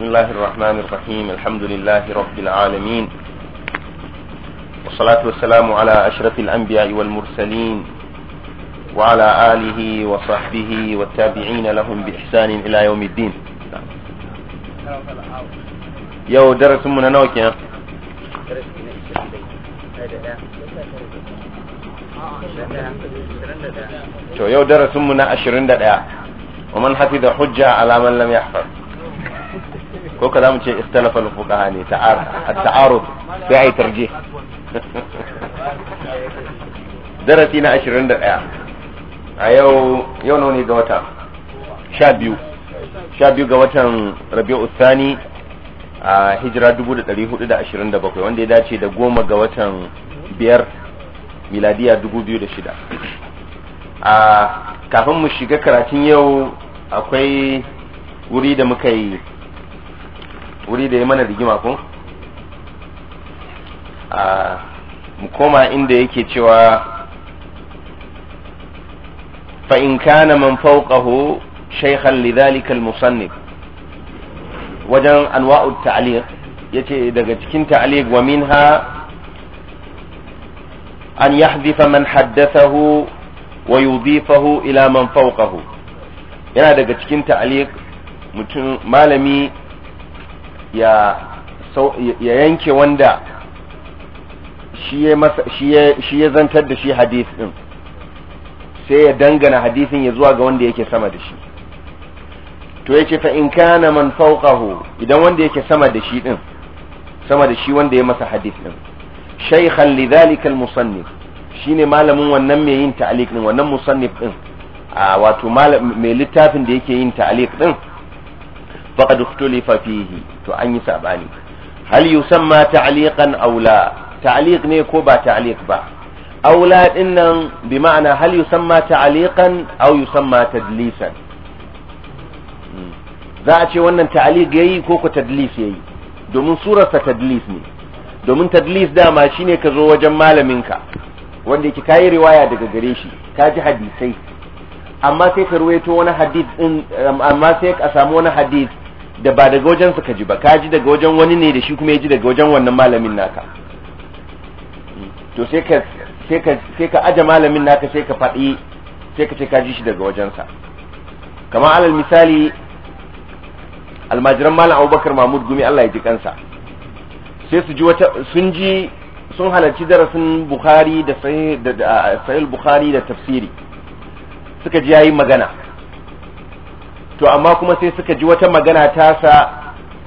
بسم الله الرحمن الرحيم الحمد لله رب العالمين والصلاة والسلام على أشرف الأنبياء والمرسلين وعلى آله وصحبه والتابعين لهم بإحسان إلى يوم الدين يو درس من نوك يا يو درس من أشرين ومن حفظ حجة على من لم يحفظ ko ka za mu ce ikhtalafa al-fuqaha ne ta'arud sai ai tarje. darasi na 21 a yau yau nawa ne ga wata 12 12 ga watan rabi'u Thani a hijira 1427 wanda ya dace da goma ga watan biyar miladiya 2006 a kafin mu shiga karatun yau akwai wuri da muka yi wuri da ya mana rigima ko a mu koma inda yake cewa fa in kana man fawqahu shaykhan lidhalika al-musannif wajen anwa'u ta'liq yace daga cikin ta'liq wa minha an yahzifa man haddathahu wa yudhifahu ila man fawqahu yana daga cikin ta'liq mutum malami ya yanke wanda shi ya zantar da shi hadith din sai ya dangana hadithin ya zuwa ga wanda yake sama da shi to yace fa in kana man fawqahu idan wanda yake sama da shi din sama da shi wanda ya masa hadith din shaykhan lidhalika al-musannif shine malamin wannan mai yin ta'liq din wannan musannif din a wato mai littafin da yake yin ta'liq din faqad ikhtulifa fihi to an yi sabani hal yusamma ta'liqan aw la ta'liq ne ko ba ta'liq ba aw la din nan bi ma'ana hal yusamma ta'liqan aw yusamma tadlisan hmm. za a ce wannan ta'liq yayi ko ko tadlis yayi domin surarsa tadlis ne domin tadlis dama shine ka zo wajen malaminka wanda yake kayi riwaya daga gare shi ka ji hadisai amma sai ka ruwaito wani hadith din amma sai ka samu wani hadith da ba daga wajen ka ji ba ka ji daga wajen wani ne da shi kuma ya ji daga wajen wannan malamin naka to sai ka sai ka sai ka aje malamin naka sai ka faɗi sai ka ce ka ji shi daga wajensa kamar alal misali almajiran malam abubakar mahmud gumi allah ya ji kansa sai su ji wata sun ji sun halarci darasin bukhari da sahih bukhari da tafsiri suka ji yayi magana to amma kuma sai suka ji wata magana ta sa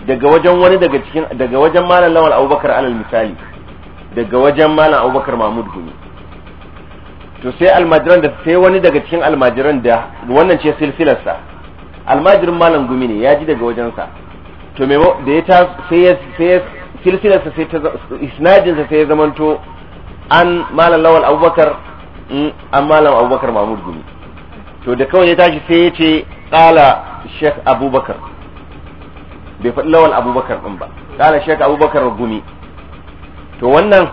daga wajen wani daga cikin daga wajen malam lawal abubakar alal misali daga wajen malam abubakar mahmud gumi to sai almajiran da sai wani daga cikin almajiran da wannan ce silsilarsa almajirin malam gumi ne ya ji daga wajensa to me da ya ta sai ya silsilarsa sai ta isnadinsa sai ya zamanto an malam lawal abubakar mm, an malam abubakar mahmud gumi to da kawai ya tashi sai ya ce qala sheikh abubakar bai faɗi lawan abubakar din ba qala sheikh abubakar gumi to wannan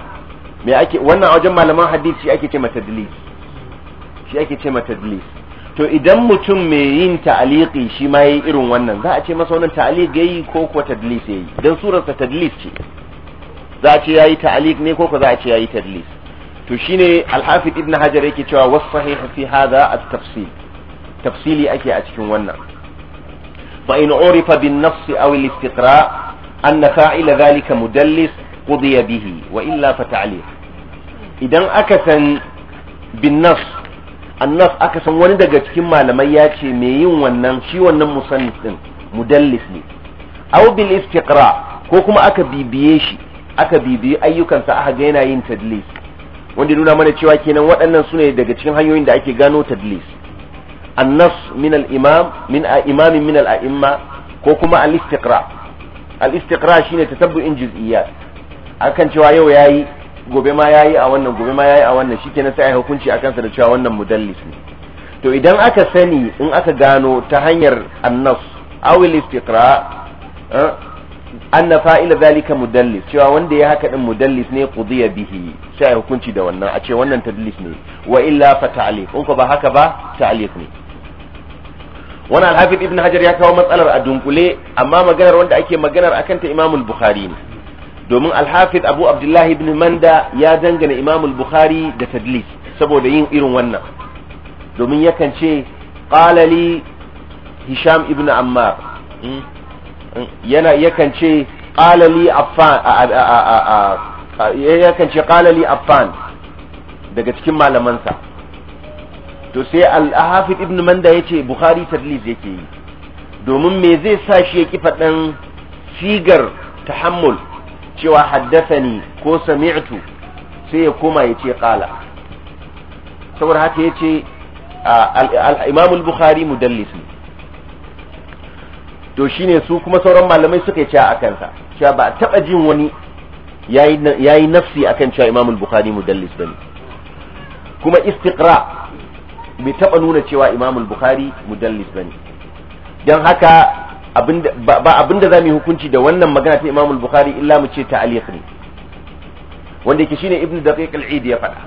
me ake wannan a wajen malaman hadisi shi ake ce mata tadlis shi ake ce mata to idan mutum mai yin ta'aliki shi ma yi irin wannan za a ce masa wannan ta'alik yayi ko kuwa tadlis yayi dan surar sa tadlis ce za a ce yayi ta'alik ne ko ko za a ce yayi tadlis to shine al-hafiz ibn hajar yake cewa was sahih fi hadha at-tafsil tafsili ake a cikin wannan fa in urifa bin nafs aw al istiqra an fa'ila dhalika mudallis qudiya bihi wa illa fa ta'liq idan aka san bin nafs nafs aka san wani daga cikin malamai ya ce me yin wannan shi wannan musannif din mudallis ne aw bil istiqra ko kuma aka bibiye shi aka bibiyi ayyukansa aka ga yana yin tadlis wanda nuna mana cewa kenan waɗannan su ne daga cikin hanyoyin da ake gano tadlis annas min al-imam min imamin min al-a'imma ko kuma al-istiqra al-istiqra shine tatabbu'in juz'iyya akan cewa yau yayi gobe ma yayi a wannan gobe ma yayi a wannan shikenan sai ai hukunci akan sa da cewa wannan mudallis ne to idan aka sani in aka gano ta hanyar annas aw al-istiqra anna fa'ila zalika mudallis cewa wanda ya haka din mudallis ne qudiya bihi sai hukunci da wannan a ce wannan tadlis ne wa illa fa ta'alif in ko ba haka ba ta'alif ne wani alhafiz ibn hajar ya kawo matsalar a dunkule amma maganar wanda ake maganar a kanta imamul bukhari ne domin alhafiz abu abdullahi ibn manda ya dangana imamul bukhari da tadlis saboda yin irin wannan domin yakan ce qalali hisham ibn ammar hmm? yana yakan ce qalali affan yakan ce qalali affan daga cikin malamansa to sai al-hafid ibn manda yace bukhari tadlis yake yi domin me zai sa shi ya kifa ɗan sigar tahammul cewa haddathani ko sami'tu sai ya koma ya ce qala saboda haka yace al-imam al-bukhari mudallis to shine su kuma sauran malamai suka ce a kansa cewa ba taba jin wani yayi yayi nafsi akan cewa imam al-bukhari mudallis bane kuma istiqra bai taba nuna cewa imamul bukhari mudallis bane don haka ba abinda za mu hukunci da wannan magana ta imamul bukhari illa mu ce ta'aliq ne wanda yake shine ibnu daqiq al-eid ya faɗa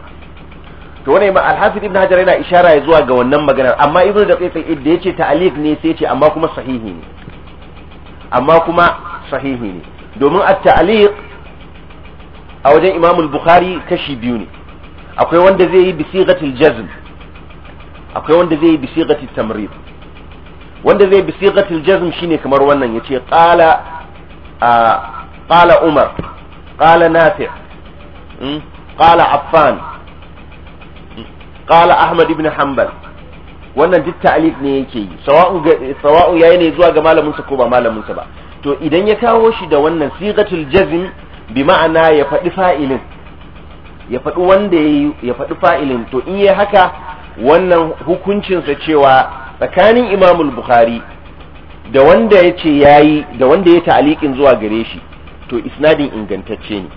to wannan imam al-hafiz ibnu hajar yana ishara zuwa ga wannan maganar amma ibnu daqiq al-eid da yace ta'aliq ne sai ce amma kuma sahihi ne amma kuma sahihi ne domin at-ta'aliq a wajen imamul bukhari kashi biyu ne akwai wanda zai yi bi sigatil jazm akwai wanda zai yi bi sigati tamrid wanda zai bi sigati aljazm shine kamar wannan yace qala qala umar qala nafi' hmm, qala affan hmm, qala ahmad ibn hanbal wannan duk ta'alif ne yake yi sawa'u sawa'u yayi ne zuwa ga malamin sa ko ba malamin sa ba to idan ya kawo shi da wannan sigatul jazm bi ma'ana ya fadi fa'ilin ya fadi wanda ya fadi fa'ilin to in yayi haka wannan hukuncinsa cewa tsakanin imamul bukhari da wanda ya ce yayi da wanda ya ta'aliƙin zuwa gare shi to isnadin ingantacce ne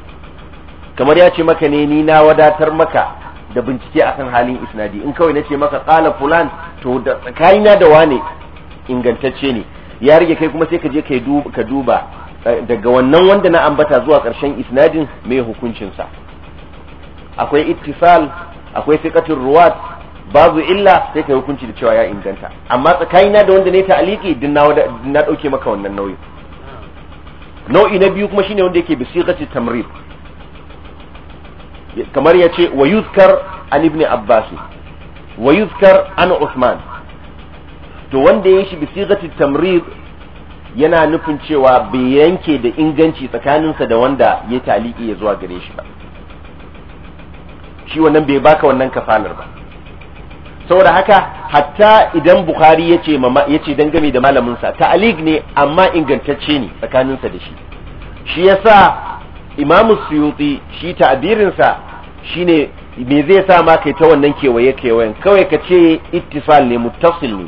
kamar ya ce maka ne ni na wadatar maka da bincike akan halin isnadi in kawai na ce maka qala fulan to da tsakanina da wane ingantacce ne ya rage kai kuma sai ka je ka duba eh, daga wannan wanda na ambata zuwa ƙarshen isnadin mai hukuncinsa akwai ittisal akwai sikatin ruwat babu illa sai kai hukunci da cewa ya inganta amma tsakanina da wanda ne ta'aliki din na na dauke maka wannan nauyi nau'i na biyu kuma shine wanda yake bi sigati tamrid kamar ya wa yuzkar an ibn abbas wa yuzkar an usman to wanda yi shi bi sigati tamrid yana nufin cewa bai yanke da inganci tsakaninsa da wanda ya aliki ya zuwa gare shi ba shi wannan bai baka wannan kafalar ba saboda haka hatta idan bukhari ya ce ya dangane da malaminsa ta'alik ne amma ingantacce ne tsakaninsa da shi shi yasa imamu suyuti shi shi shine me zai sa ma kai ta wannan kewaye kewayen kawai ka ce ittisal ne muttasil ne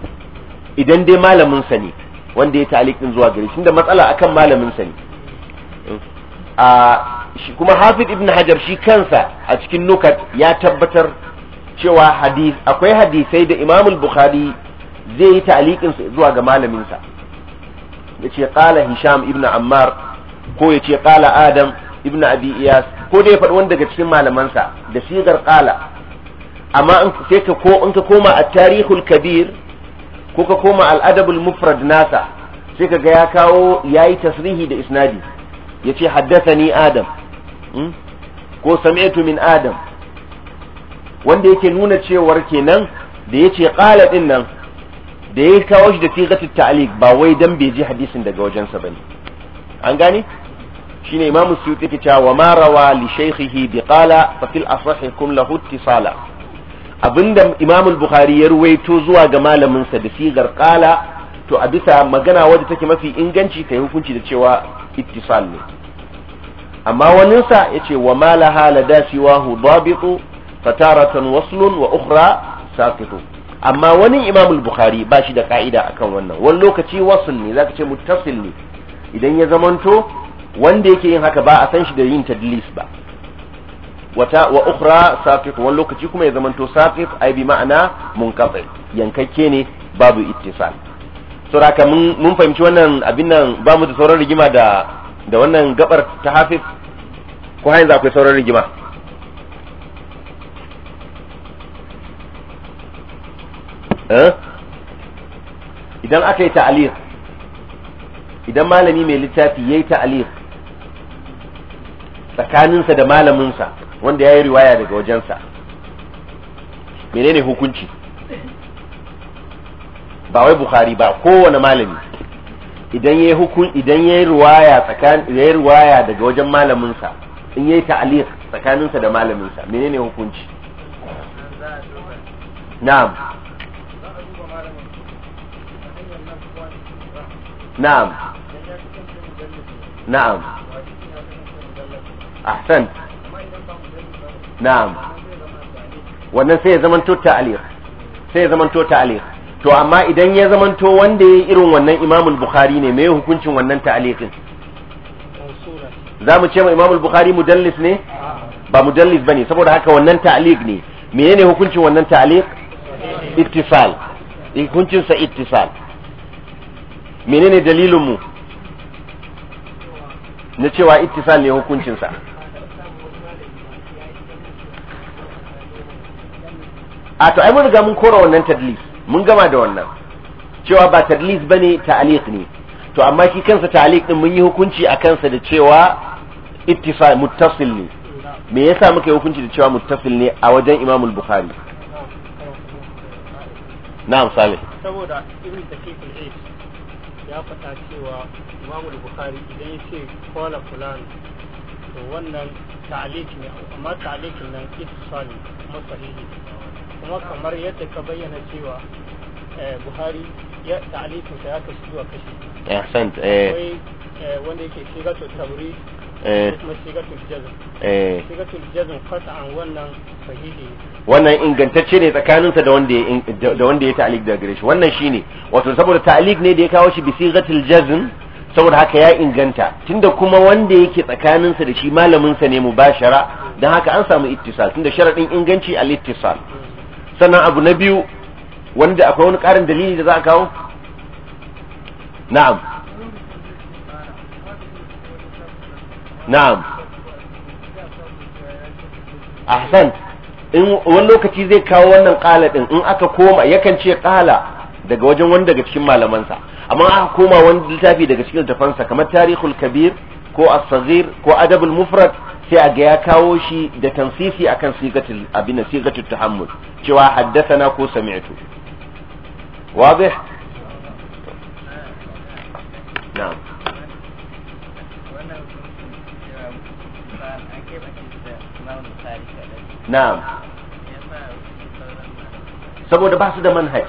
idan dai malaminsa ne wanda ya ta'alik din zuwa gare shi da matsala akan malaminsa ne a kuma hafid ibn hajar shi kansa a cikin nukat ya tabbatar cewa hadis akwai hadisai da imamul bukhari zai yi ta'liqin zuwa ga malaminsa yace qala hisham ibn ammar ko yace qala adam ibn abi iyas ko dai faɗi wani daga cikin malamansa da sigar qala amma sai ka ko in ka koma at-tarihul kabir ko ka koma al-adabul mufrad nasa sai ka ga ya kawo yayi tasrihi da isnadi yace haddathani adam hmm? ko sami'tu min adam wanda yake nuna cewar kenan da yace qala din nan da ya kawo shi da sigatut ta'liq ba wai dan bai ji hadisin daga wajensa bane an gane shine imamu suyuti ke cewa wa ma rawa li shaykhihi bi qala fa fil kum lahu ittisala abinda imamu bukhari ya ruwaito zuwa ga malamin sa da sigar qala to a bisa magana wadda take mafi inganci kai hukunci da cewa ittisal ne amma sa yace wa ma la hala dasiwahu dabitu fataratan waslun wa ukhra sakitu amma wani imam al-bukhari ba shi da ka'ida akan wannan wani lokaci wasul ne zaka ce muttasil ne idan ya zamanto wanda yake yin haka ba a san shi da yin tadlis ba wata wa ukhra saqit wani lokaci kuma ya zamanto sakit ai bi ma'ana munqati yankakke ne babu ittisal saboda mun mun fahimci wannan abin nan ba mu da sauran rigima da da wannan gabar ta hafiz ko har za ku sauran rigima Eh? idan aka yi ta'aliq idan malami mai littafi yayi ta'aliq tsakaninsa da malaminsa wanda ya yi riwaya daga wajensa menene hukunci ba wai bukhari ba kowane malami idan ya hukun idan ya riwaya ya riwaya daga wajen malaminsa in yi ta'liq tsakaninsa da malaminsa menene hukunci na'am na'am na'am ahsan na'am wannan sai ya zamanto ta'aliq sai ya zamanto ta'aliq to amma idan ya zamanto wanda ya irin wannan imamul bukhari ne me hukuncin wannan ta'aliqin za mu ce ma imamul bukhari mudallis ne ba mudallis bane saboda haka wannan ta'aliq ne menene hukuncin wannan ta'aliq ittisal hukuncin sa ittisal menene dalilin mu na cewa ittisal ne hukuncinsa a to ai mun ga mun kora wannan tadlis mun gama da wannan cewa ba tadlis bane ta'liq ne to amma shi kansa ta'liq din mun yi hukunci a kansa da cewa ittisal muttasil ne me yasa muka yi hukunci da cewa muttasil ne a wajen Imam al-Bukhari na'am salih saboda ibn Dakiq al-Aid ya faɗa cewa imamu bukhari idan ya ce kwala fulan to wannan ta'aliki ne amma ta'alikin nan sani kuma sahihi kuma kamar yadda ka bayyana cewa buhari ya ta'alikin sa ya kashi zuwa kashi ya ahsant eh wanda yake shiga to tabri Eh. Eh. wannan ingantacce ne tsakaninsa da wanda ya da wanda ya ta'liq da gare shi wannan shine wato saboda ta'liq ne da ya kawo shi bi sigatul jazm saboda haka ya inganta tunda kuma wanda yake tsakaninsa da shi malamin sa ne mubashara dan haka an samu ittisal tunda sharadin inganci al ittisal sannan abu na biyu wanda akwai wani karin dalili da za a kawo na'am na'am ahsan in wani lokaci zai kawo wannan kala din in aka koma yakan ce kala daga wajen wani daga cikin malamansa amma aka koma wani littafi daga cikin littafansa kamar tarihul kabir ko as ko adabul mufrad sai a ga ya kawo shi da tansisi akan sigatul abin sigatul tahammul cewa haddathana ko sami'tu wadih na'am na'am saboda ba su da manhaj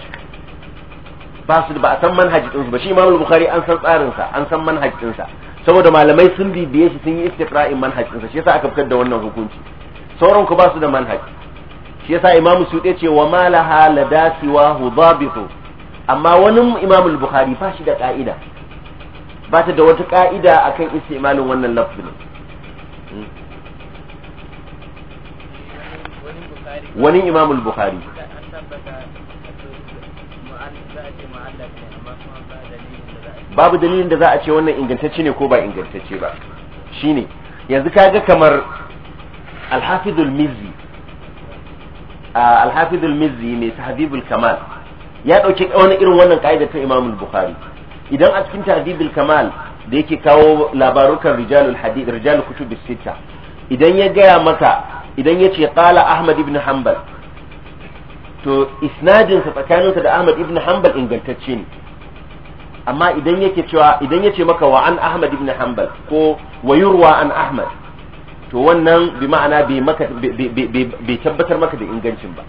ba su da ba a san manhaj ɗinsu ba shi imam bukhari an san tsarin sa an san manhaj sa saboda malamai sun bibiye shi sun yi istiqra'in manhaj sa, shi yasa aka fitar da wannan hukunci sauran ku ba su da manhaj shi yasa Imam suɗe ce wa ma laha wa hudabitu amma wani Imam bukhari ba shi da ka'ida ba ta da wata ka'ida akan istimalin wannan lafzin wani Imam bukhari babu dalilin da za a ce wannan ingantacce ne ko ba ingantacce ba shine yanzu kaga kamar alhafizul mizzi alhafizul mizzi ta Habibul kamal ya dauki wani irin wannan kaida ta imamul bukhari idan a cikin tahdhibul kamal da yake kawo labarukan rijalul hadith rijalul kutubis sita idan ya gaya maka idan ya ce qala ahmad ibn hanbal to isnadinsa tsakaninsa da ahmad ibn hanbal ingantacce ne amma idan yake cewa idan yace maka wa an ahmad ibn hanbal ko wa yurwa an ahmad to wannan bi ma'ana bai maka bai tabbatar maka da ingancin ba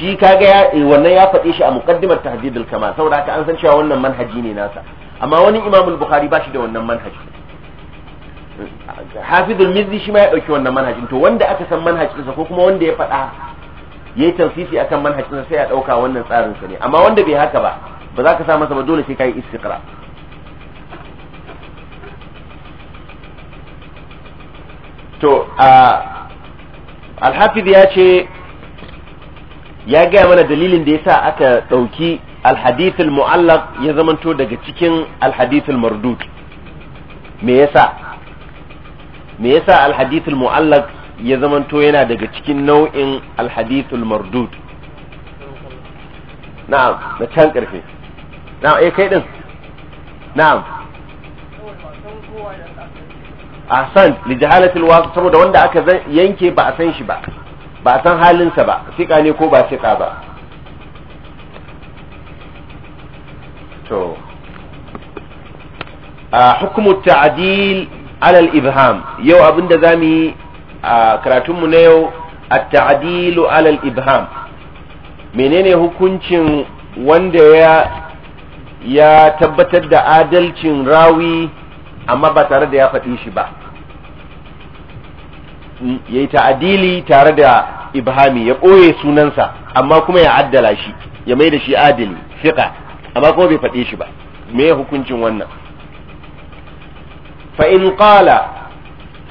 shi kaga ya eh, wannan ya faɗe shi a muqaddimar tahdidul kamal saboda haka an san cewa wannan manhaji ne nasa amma wani imamul bukhari ba shi da wannan manhaji hafizul mizzi shi ma ya dauki wannan manhajin to wanda aka san manhajin sa ko kuma wanda ya faɗa yayi tafsiri akan manhajin sa sai ya dauka wannan tsarin sa ne amma wanda bai haka ba ba za ka sa masa ba dole sai kai istiqra to a al-hafiz ya ce ya gaya mana dalilin da yasa aka dauki al-mu'allaq ya zamanto daga cikin al mardud me yasa me yasa alhadithul mu'allaq ya zamanto yana daga cikin nau'in alhadithul mardud na'am na can karfe na'am eh kai din na'am ahsan li jahalatil wasif saboda wanda aka yanke ba a san shi ba ba a san halinsa ba fika ne ko ba fika ba to a ah, hukumu ta'dil alal ibham yau abinda za mu yi a karatunmu na yau at-ta'dilu alal ibham menene hukuncin wanda ya ya tabbatar da adalcin rawi amma ba tare da ya faɗi shi ba ya yi ta'adili tare da ibhami ya ɓoye sunansa amma kuma ya addala shi ya mai da shi adali fiƙa amma kuma bai faɗe shi ba me hukuncin wannan fa in qala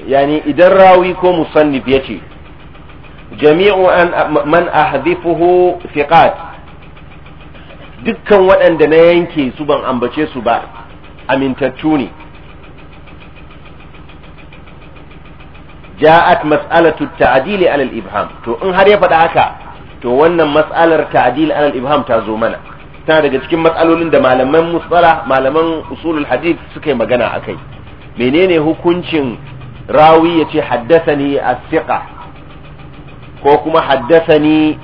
yani idan rawi ko musannif ce jami'u an man ahdhifuhu thiqat dukkan waɗanda na yanke su ban ambace su ba amintattu ne ja'at mas'alatu ta'dil ala al-ibham to in har ya faɗa haka to wannan mas'alar ta'dil ala al-ibham ta zo mana tana daga cikin matsalolin da malaman musala malaman usulul hadith suka yi magana akai menene hukuncin rawi ya ce haddasani a siqa ko kuma haddasa ni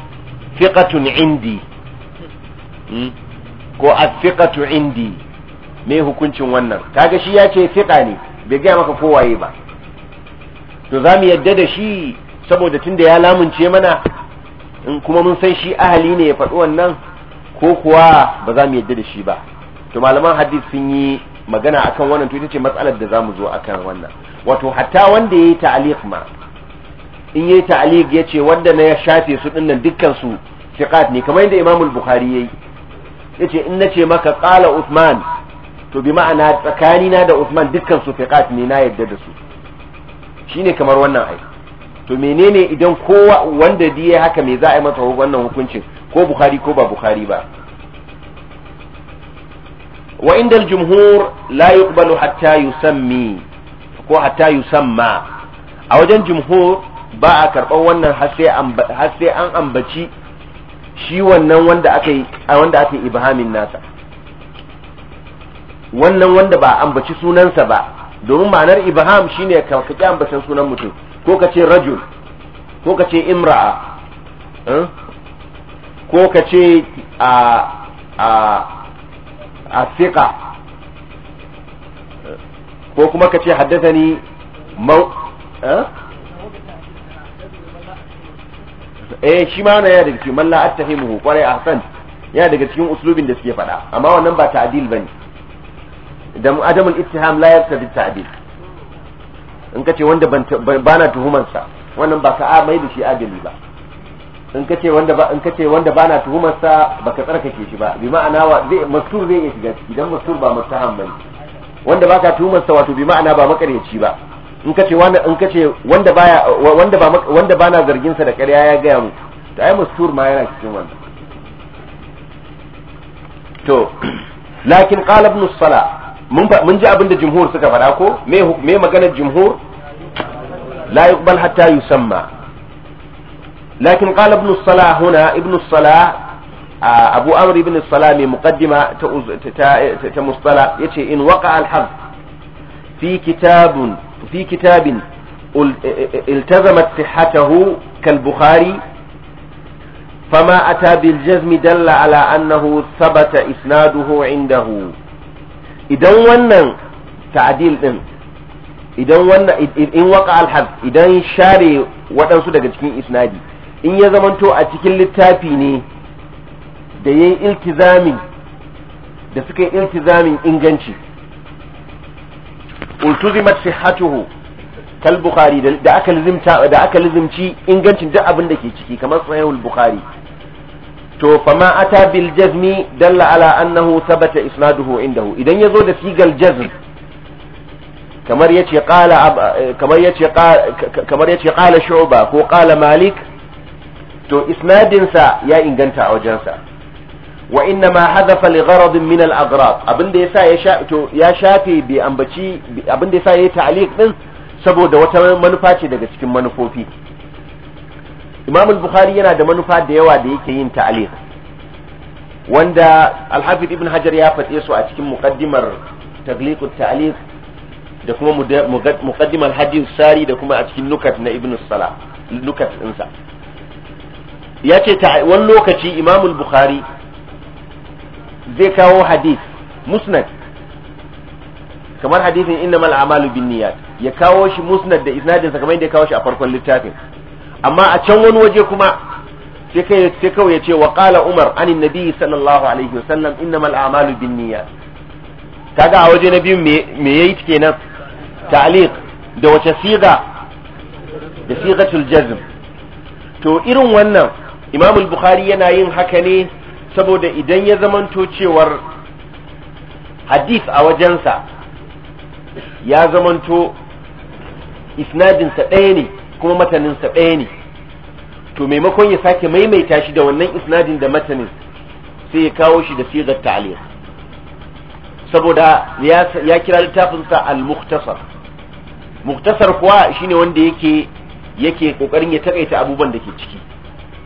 fiƙatun indi hmm? ko as-siqatu indi me hukuncin wannan kaga shi ya ce fiƙa ne bai gaya maka kowaye ba to za mu yadda da shi saboda tunda ya lamunce mana in kuma mun san shi ahali ne ya faɗi wannan ko kuwa ba za mu yadda da shi ba to malaman hadis sun yi magana akan wannan to ita ce matsalar da zamu zo akan wannan wato hatta wanda yayi ta'liq ma in yayi ta'liq yace wanda na ya shafe su dinnan dukkan su thiqat ne kamar yadda Imam al-Bukhari yayi yace in nace maka qala Uthman to bi ma'ana tsakani na da Uthman dukkan su thiqat ne na yadda da su shine kamar wannan ai to menene idan kowa wanda diye haka me za a yi masa wannan hukuncin ko Bukhari ko ba Bukhari ba wa inda al-jumhur la yuqbalu hatta yusammi ko hatta yusamma a wajen jumhur ba a karɓar wannan har sai an ambaci shi wannan wanda aka yi wanda aka yi ibhamin nasa wannan wanda ba ambaci sunansa ba domin ma'anar ibham shine ka ki ambacin sunan mutum ko ka ce rajul ko ka ce imra'a eh? ko ka ce a a asiqa ko kuma ka ce haddathani mau eh? eh shi ma wannan ya daga cikin malla attahimuhu kwarai ahsan ya daga cikin uslubin da suke faɗa amma wannan ba ta'dil bane dan adamul ittiham la yaqtadi ta'dil in kace wanda bana tuhumansa wannan ba ka mai da shi adali ba in kace wanda ba in kace wanda bana tuhumar sa baka tsarkake shi ba bi ma'ana wa zai mastur zai iya shiga ciki dan mastur ba mutahan bane wanda baka tuhumar sa wato bi ma'ana ba makareci ba in kace wanda in kace wanda baya wanda ba wanda bana zargin sa da ƙarya ya gaya mu to ai mastur ma yana cikin wannan to lakin qala ibn sala mun mun ji abinda jumhur suka faɗa ko me me maganar jumhur la yuqbal hatta yusamma lakin qala ibn salah huna ibn salah abu amr ibn mai muqaddima ta ta mustala yace in waqa al fi kitabin التزمت صحته كالبخاري فما أتى بالجزم دل على أنه ثبت إسناده عنده إذا ونن تعديل إن إذا ونن إن وقع إذا شاري cikin isnadi in ya zamanto a cikin littafi ne da yayi iltizamin da suka yi iltizamin inganci ultuzimat sihhatuhu kal bukhari da aka lizimta da aka lizimci ingancin duk abin da ke ciki kamar sahihul bukhari to fama ata bil jazmi dalla ala annahu thabata isnaduhu indahu idan yazo da sigal jazm kamar yace qala kamar yace qala kamar yace qala shu'ba ko qala malik to isnadinsa ya inganta a wajensa wa inna ma hadafa li gharadin min al aghrad abinda yasa ya sha to ya shafe bi ambaci abinda yasa yayi ta'liq din saboda wata manufa ce daga cikin manufofi Imam al-Bukhari yana da manufa da yawa da yake yin ta'liq wanda al-Hafiz Ibn Hajar ya fatse su a cikin muqaddimar tagliq at-ta'liq da kuma muqaddimar hadith sari da kuma a cikin nukat na Ibn Salah nukat ɗinsa ya ce ta wani lokaci imamul bukhari zai kawo hadith musnad kamar hadithin innamal a'malu binniyat ya kawo shi musnad da sa kamar yadda ya kawo shi a farkon littafin amma a can wani waje kuma sai kai sai kawai ya ce wa qala umar anin nabi sallallahu alaihi wasallam mal a'malu binniyat kaga a waje na biyu me yayi kenan ta'liq da wace siga da sigatul jazm to irin wannan imam al-bukhari yana yin haka ne saboda idan ya zamanto cewar hadith a wajensa ya zamanto isnadinsa ɗaya ne kuma mataninsa ɗaya ne to maimakon ya sake maimaita shi da wannan isnadin da matanin sai ya kawo shi da sigar ta'liq saboda ya kira littafinsa al-mukhtasar mukhtasar kuwa shine wanda yake yake kokarin ya takaita abubuwan da ke ciki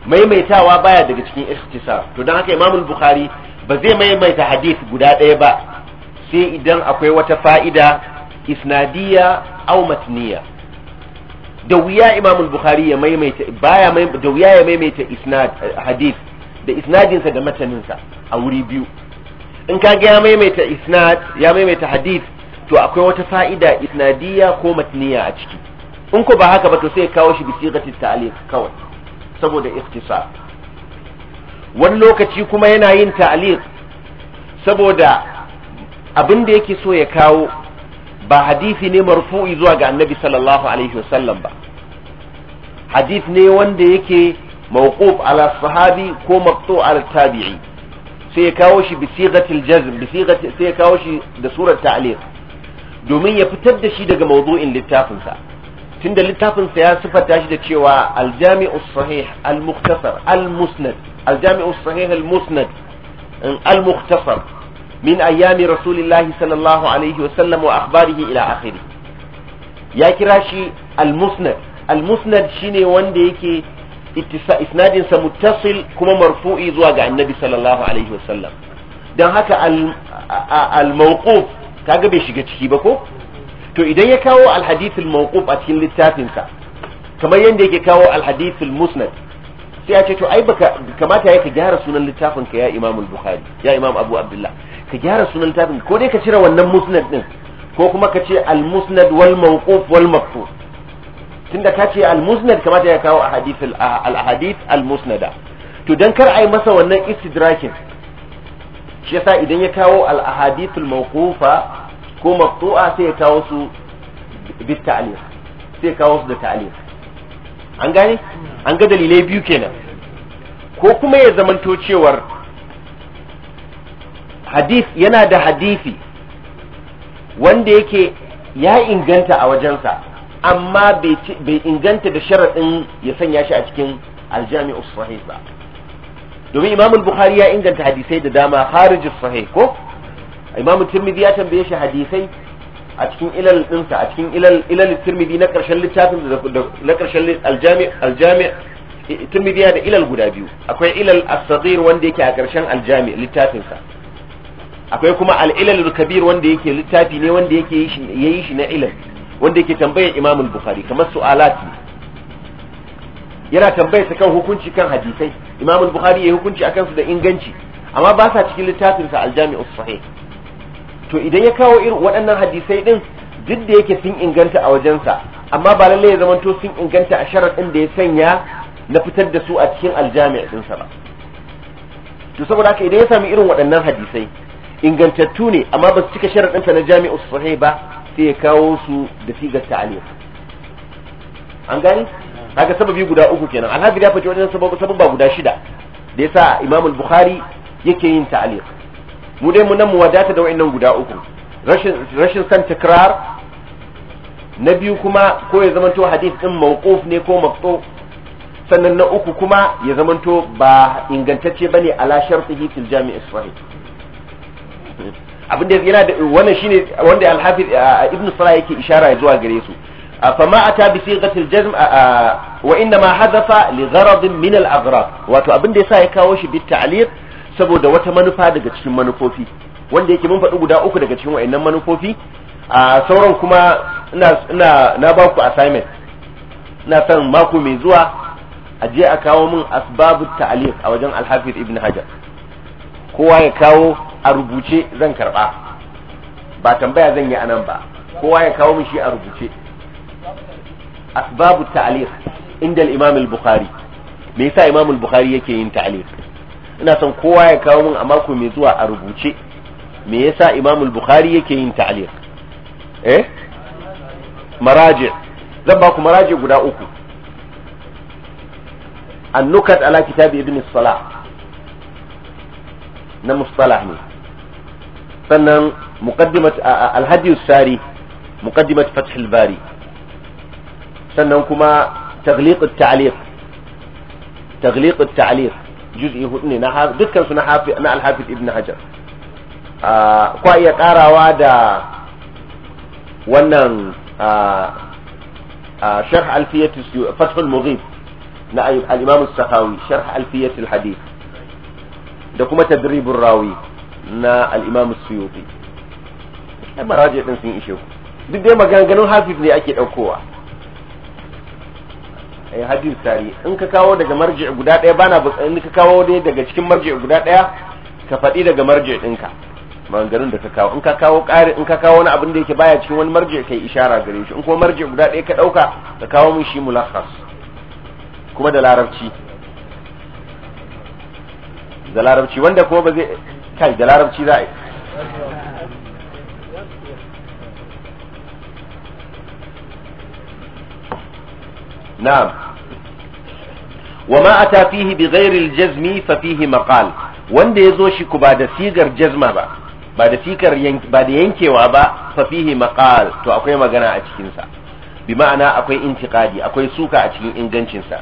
maimaitawa baya daga cikin ikhtisar to don haka imamul bukhari ba zai maimaita hadith guda ɗaya ba sai idan akwai wata fa'ida isnadiya aw matniya da wuya imamul bukhari ya maimaita baya da wuya ya maimaita isnad hadith da isnadinsa da mataninsa a wuri biyu in ka ga ya maimaita isnad ya maimaita hadith to akwai wata fa'ida isnadiya ko matniya a ciki in ko ba haka ba to sai ya kawo shi bi sigati ta'liq kawai saboda ikhtisar wani lokaci kuma yana yin ta'aliq saboda abin da yake so ya kawo ba hadisi ne marfu'i zuwa ga annabi sallallahu alaihi wasallam ba hadis ne wanda yake mawquf ala sahabi ko maqtu ala tabi'i sai ya kawo shi bi sigatil jazm bi sigati sai ya kawo shi da surar ta'liq domin ya fitar da shi daga mawdu'in littafinsa tunda littafin sa ya sifata shi da cewa al-jami'u sahih al-mukhtasar al-musnad al-jami'u sahih al-musnad al-mukhtasar min ayami rasulillahi sallallahu alaihi wa sallam wa akhbarihi ila akhiri ya kira shi al-musnad al-musnad shine wanda yake isnadin sa muttasil kuma marfu'i zuwa ga annabi sallallahu alaihi wa sallam dan haka al-mawquf kaga bai shiga ciki ba ko to idan ya kawo alhadithul mawquf a cikin littafinsa kamar yadda yake kawo alhadithul musnad sai ya ce to ai baka kamata ya ka gyara sunan littafin ka ya Imam al Bukhari ya Imam Abu Abdullah ka gyara sunan littafin ko dai ka cire wannan musnad din ko kuma ka ce al musnad wal mawquf wal maqfu tunda ka ce al musnad kamata ya kawo ahadithul al ahadith al musnada to dan kar ai masa wannan istidrakin shi yasa idan ya kawo al ahadithul mawqufa ko maqtu'a sai ya kawo su bit ta'liq sai kawo su da ta'liq an gane an ga dalilai biyu kenan ko kuma ya zamanto cewar hadith yana da hadisi wanda yake ya inganta a wajensa amma bai inganta da sharaɗin ya sanya shi a cikin aljami'u sahih ba domin imamul bukhari ya inganta hadisai da dama harijus sahih ko imamu tirmidhi ya tambaye shi hadisai a cikin ilal dinsa a cikin ilal ilal tirmidhi na karshen littafin na karshen aljami aljami tirmidhi ya da ilal guda biyu akwai ilal as-saghir wanda yake a karshen aljami littafin sa akwai kuma al-ilal kabir wanda yake littafi ne wanda yake yayi shi na ilal wanda yake tambayar imamu bukhari kamar su'alati yana tambayar kan hukunci kan hadisai imamu bukhari ya hukunci akan su da inganci amma ba sa cikin littafin sa al-jami'us sahih to idan ya kawo irin waɗannan hadisai ɗin duk da yake sun inganta a wajensa amma ba lallai ya zamanto sun inganta a sharaɗin da ya sanya na fitar da su a cikin aljami'a ɗinsa ba to saboda haka idan ya sami irin waɗannan hadisai ingantattu ne amma ba su cika ɗinsa na jami'u sahih ba sai ya kawo su da sigar ta'aliyar an gani haka sababi guda uku kenan alhaji ya faɗi wajen ba guda shida da yasa imamul bukhari yake yin ta'aliyar mu dai mu nan mu wadata da wa'annan guda uku rashin rashin san tikrar na biyu kuma ko ya zamanto hadith din mawquf ne ko maqtu sannan na uku kuma ya zamanto ba ingantacce bane ala shartihi fil jami' sahih abin da yana da wannan shine wanda al-hafiz ibn salah yake ishara zuwa gare su فما أتى بصيغة الجزم وإنما حذف لغرض من الأغراض وتو أبن دي سايكا وشي بالتعليق saboda wata manufa daga cikin manufofi wanda yake mun faɗi guda uku daga cikin wa'annan manufofi a sauran kuma ina na ba ku assignment ina son mako mai zuwa a je a kawo min asbabu ta'alif a wajen alhafiz ibn hajar kowa ya kawo a rubuce zan karba ba tambaya zan yi anan ba kowa ya kawo min shi a rubuce asbabu ta'alif inda al-imam al-bukhari me yasa imam al-bukhari yake yin ta'alif ina son kowa ya kawo min a mako mai zuwa a rubuce me yasa imam bukhari yake yin ta'liq eh maraji zan ba ku maraji guda uku annukat ala kitab ibn salah na mustalah ne sannan muqaddimat al-hadi sari muqaddimat fath al-bari sannan kuma taghliq at-ta'liq taghliq juz'i hudu ne na dukkan su na hafi na al ibn hajar kwa iya karawa da wannan sharh Alfiyatu fath al-mughith na al-imam as-sakhawi sharh alfiyat al-hadith da kuma tadribur rawi na al-imam as-suyuti ai maraji din sun ishe ku duk dai maganganun hafiz ne ake daukowa Eh, hadith tari in ka kawo daga marji guda daya bana in ka kawo dai daga cikin marji guda daya ka fadi daga marji dinka maganganun da ka kawo in ka kawo ƙari in ka kawo wani abin da yake baya cikin wani marji kai ishara gare shi in kuma marji guda daya ka ɗauka ka kawo mun shi mulakhas kuma da larabci da larabci wanda kuma ba zai kai da larabci za a na'am wa ma ata fihi bi ghairil jazmi fa fihi maqal wanda yazo shi ku ba da sigar jazma ba ba da sikar ba da yankewa ba fa fihi maqal to akwai magana a cikin sa bi ma'ana akwai intiqadi akwai suka a cikin ingancin sa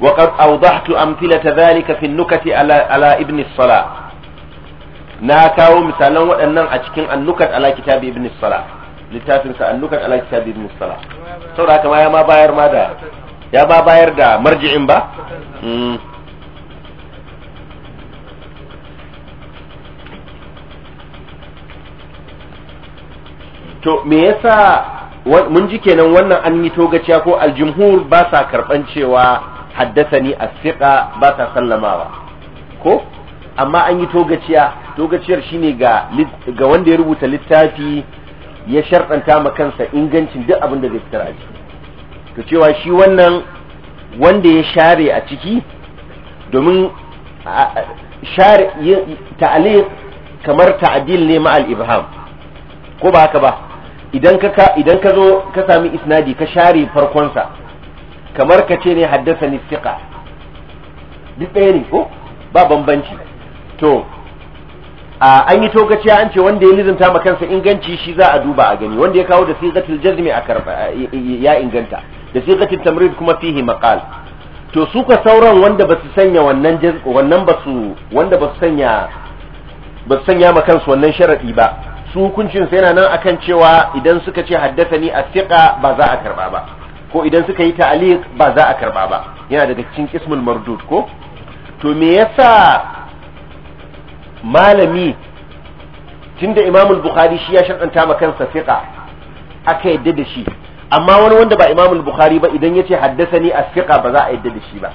wa qad awdahtu amthilata dhalika fi nukati ala ala ibn as na kawo misalan waɗannan a cikin annukat ala kitab ibn as-salah littafin sa annukat ala kitab ibn as-salah saboda haka ma ya ma bayar ma da ya ba bayar da marji'in ba hmm. to me yasa mun ji kenan wannan an yi togaciya ko aljumhur ba sa karban cewa haddasani as-siqa ba sa sallamawa ko amma an yi togaciya togaciyar shine ga ga wanda ya rubuta littafi ya sharɗanta ma kansa ingancin duk abin da zai fitar aji to cewa shi wannan wanda ya share a ciki domin share ta'liq kamar ta'dil ne ma'al ibham ko ba haka ba idan ka idan ka zo ka sami isnadi ka share farkon sa kamar ka ce ne haddasa ni thiqa duk ɗaya ne ko ba bambanci to an yi togaciya an ce wanda ya lizinta ma kansa inganci shi za a duba a gani wanda ya kawo da sigatul jazmi a karba ya inganta da siqatit tamrid kuma fihi maqal to su ka sauran wanda ba su sanya wannan wannan ba wanda ba su sanya ba sanya ma kansu wannan sharadi ba su hukuncin sai yana nan akan cewa idan suka ce haddathani as-siqa ba za a karba ba ko idan suka yi ta'liq ba za a karba ba yana daga cikin ismul mardud ko to me yasa malami tunda imamul bukhari shi ya sharɗanta ma kansa siqa aka yadda da shi amma wani wanda ba imamul bukhari ba idan yace haddasani as-siqa ba za a yadda da shi ba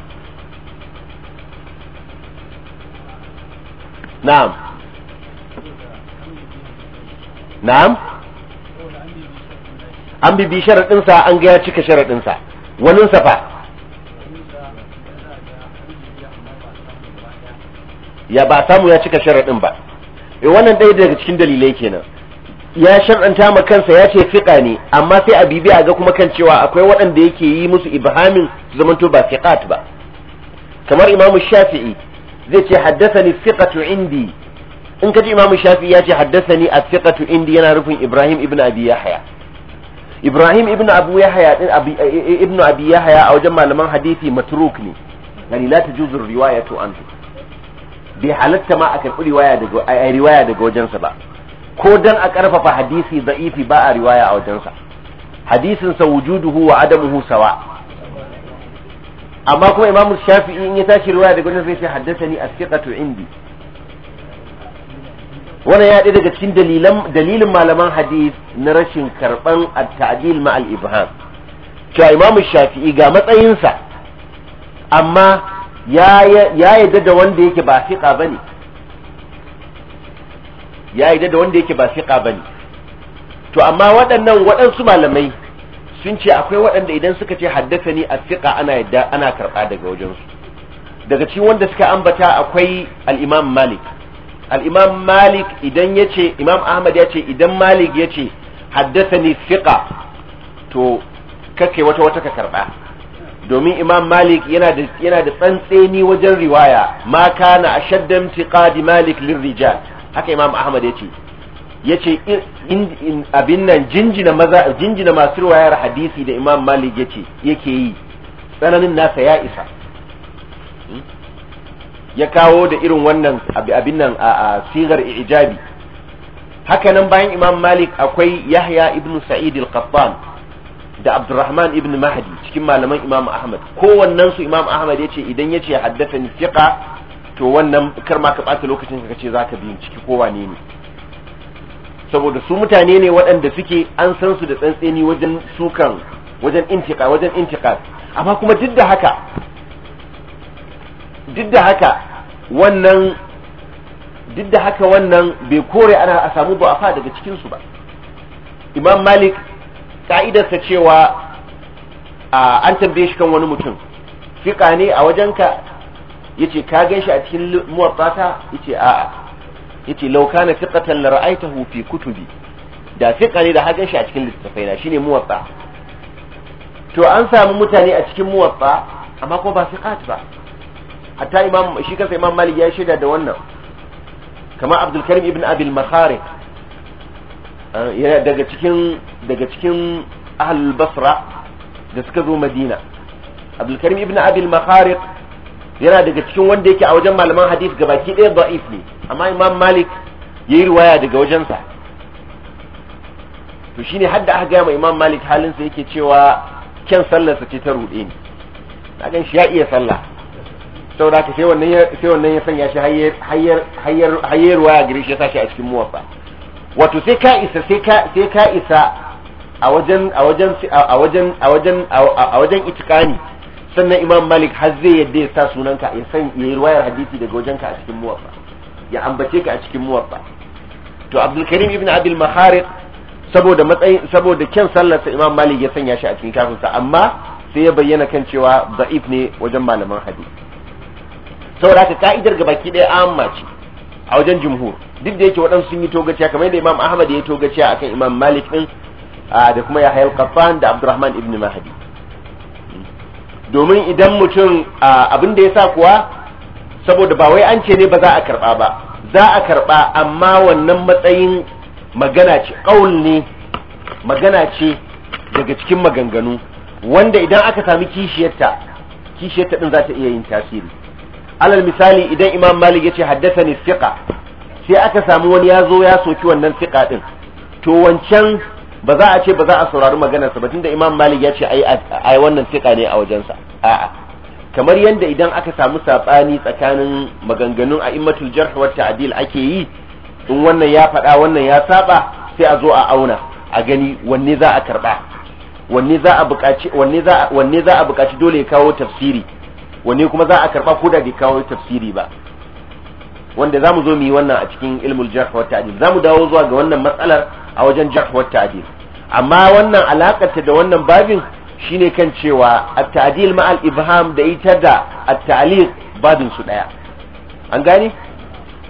na'am na'am an bibi sharaɗin sa an ga ya cika sharaɗin sa wanin sa fa ya ba samu ya cika sharaɗin ba eh wannan ɗaya daga cikin dalilai kenan ya shar'anta ma kansa ya ce fiqa ne amma sai a bibi a ga kuma kan cewa akwai waɗanda yake yi musu ibhamin su zamanto ba fiqat ba kamar imamu shafi'i zai ce haddathani fiqatu indi in kaji imamu shafi'i ya ce haddathani as-fiqatu indi yana rufin ibrahim ibn abi yahya ibrahim ibn abu yahya din ibn abi yahya a wajen malaman hadisi matruk ne gani la tajuzu riwayatu anhu bai halatta ma a karɓi riwaya daga riwaya daga wajensa ba ko dan a ƙarfafa hadisi za'ifi ba a riwaya a wajensa hadisin sa wujuduhu wa adamuhu sawa amma kuma imamu shafi'i in ya tashi riwaya daga wajen sai haddasa haddathani as-siqatu indi wannan ya daga cikin dalilin malaman hadis na rashin karɓan at-ta'dil ma al-ibham cewa imamu shafi'i ga matsayinsa amma ya yadda da wanda yake ba ba bane ya yi da wanda yake ba siƙa ba ne to amma waɗannan waɗansu malamai sun ce akwai waɗanda idan suka ce haddasa ni a siƙa ana yadda ana karɓa daga wajensu daga cikin wanda suka ambata akwai al'imam malik al'imam malik idan ya ce imam ahmad ya ce idan malik ya ce haddasa ni siƙa to kake wata wata ka karɓa domin imam malik yana da yana da tsantseni wajen riwaya ma kana ashaddan tiqadi malik lirrijal haka imam ahmad ya ce ya ce abin nan jinjina maza masu riwayar hadisi da imam malik ya ce yake yi tsananin nasa ya isa hmm? ya kawo da irin wannan abin nan a sigar ijabi haka nan bayan imam malik akwai yahya ibn sa'id al-qattan da abdurrahman ibn mahdi cikin malaman imam ahmad kowannensu su imam ahmad yace idan yace haddasa thiqa to wannan kar ma ka bata lokacin ka ce za ka binciki ko wane ne saboda su mutane ne waɗanda suke an san su da tsantseni wajen sukan wajen intiƙa wajen intiƙa amma kuma duk da haka duk da haka wannan duk da haka wannan bai kore ana a samu fa daga cikin su ba imam malik ka'idarsa cewa an tambaye shi kan wani mutum fiƙa ne a wajenka yace ka ganshi a cikin muwaffata yace a'a yace law kana thiqatan la ra'aytahu fi kutubi da thiqa ne da ha ganshi a cikin littafai na shine muwaffa to an samu mutane a cikin muwaffa amma ko ba thiqat ba hatta imam shi kansa imam malik ya shaida da wannan kamar abdul karim ibn abil makhari eh, yana daga cikin daga cikin ahlul basra da suka zo madina abdul karim ibn abil makhari yana daga cikin wanda yake a wajen malaman hadis baki ɗaya da'if ne amma imam malik ya yi riwaya daga wajensa to shi ne hadda aka gaya ma imam malik halinsa yake cewa kyan sallarsa ce ta ruɗe ne na gan shi ya iya sallah saboda haka sai wannan ya sanya shi hayar ruwaya gare shi ya sa shi a cikin muwafa wato sai ka isa sai ka sai ka isa a wajen a wajen a wajen a wajen a wajen itikani sannan imam malik har zai yadda ya sa sunanka ya san ya yi ruwayar hadisi daga wajenka a cikin muwaffa ya ambace ka a cikin muwaffa to abdul karim ibn abil mahariq saboda matsayin saboda kyan sallarsa imam malik ya sanya shi a cikin kafinsa amma sai ya bayyana kan cewa da'if ne wajen malaman hadisi saboda haka ka'idar gabaki ɗaya amma ce a wajen jumhur duk da yake waɗansu sun yi togaciya kamar yadda imam ahmad ya yi togaciya akan imam malik din da kuma yahya al da abdurrahman ibn mahdi domin idan mutum abin da ya sa kuwa saboda ba wai an ce ne ba za a karba ba za a karba amma wannan matsayin magana ce ƙaun ne magana ce daga cikin maganganu wanda idan aka sami kishiyarta kishiyarta din za ta iya yin tasiri alal misali idan imam malik ya ce haddasa ni sai aka sami wani ya zo ya soki wannan siƙa din to wancan ba za a ce ba za a saurari maganarsa ba tunda imam malik ya ce ai ai wannan fiqa ne a wajensa a'a kamar yadda idan aka samu sabani tsakanin maganganun immatul jarh wa ta'dil ake yi in wannan ya faɗa wannan ya saba sai a zo a auna a gani wanne za a karba wanne za a buƙaci wanne za wanne za a buƙaci dole ya kawo tafsiri wanne kuma za a karba ko da bai kawo tafsiri ba wanda zamu zo mu yi wannan a cikin ilmul jarh wa ta'dil zamu dawo zuwa ga wannan matsalar a wajen jarh wa ta'dil amma wannan ta da wannan babin shine kan cewa at-ta'dil ma'al ibham da ita da at-ta'liq babin su daya an gane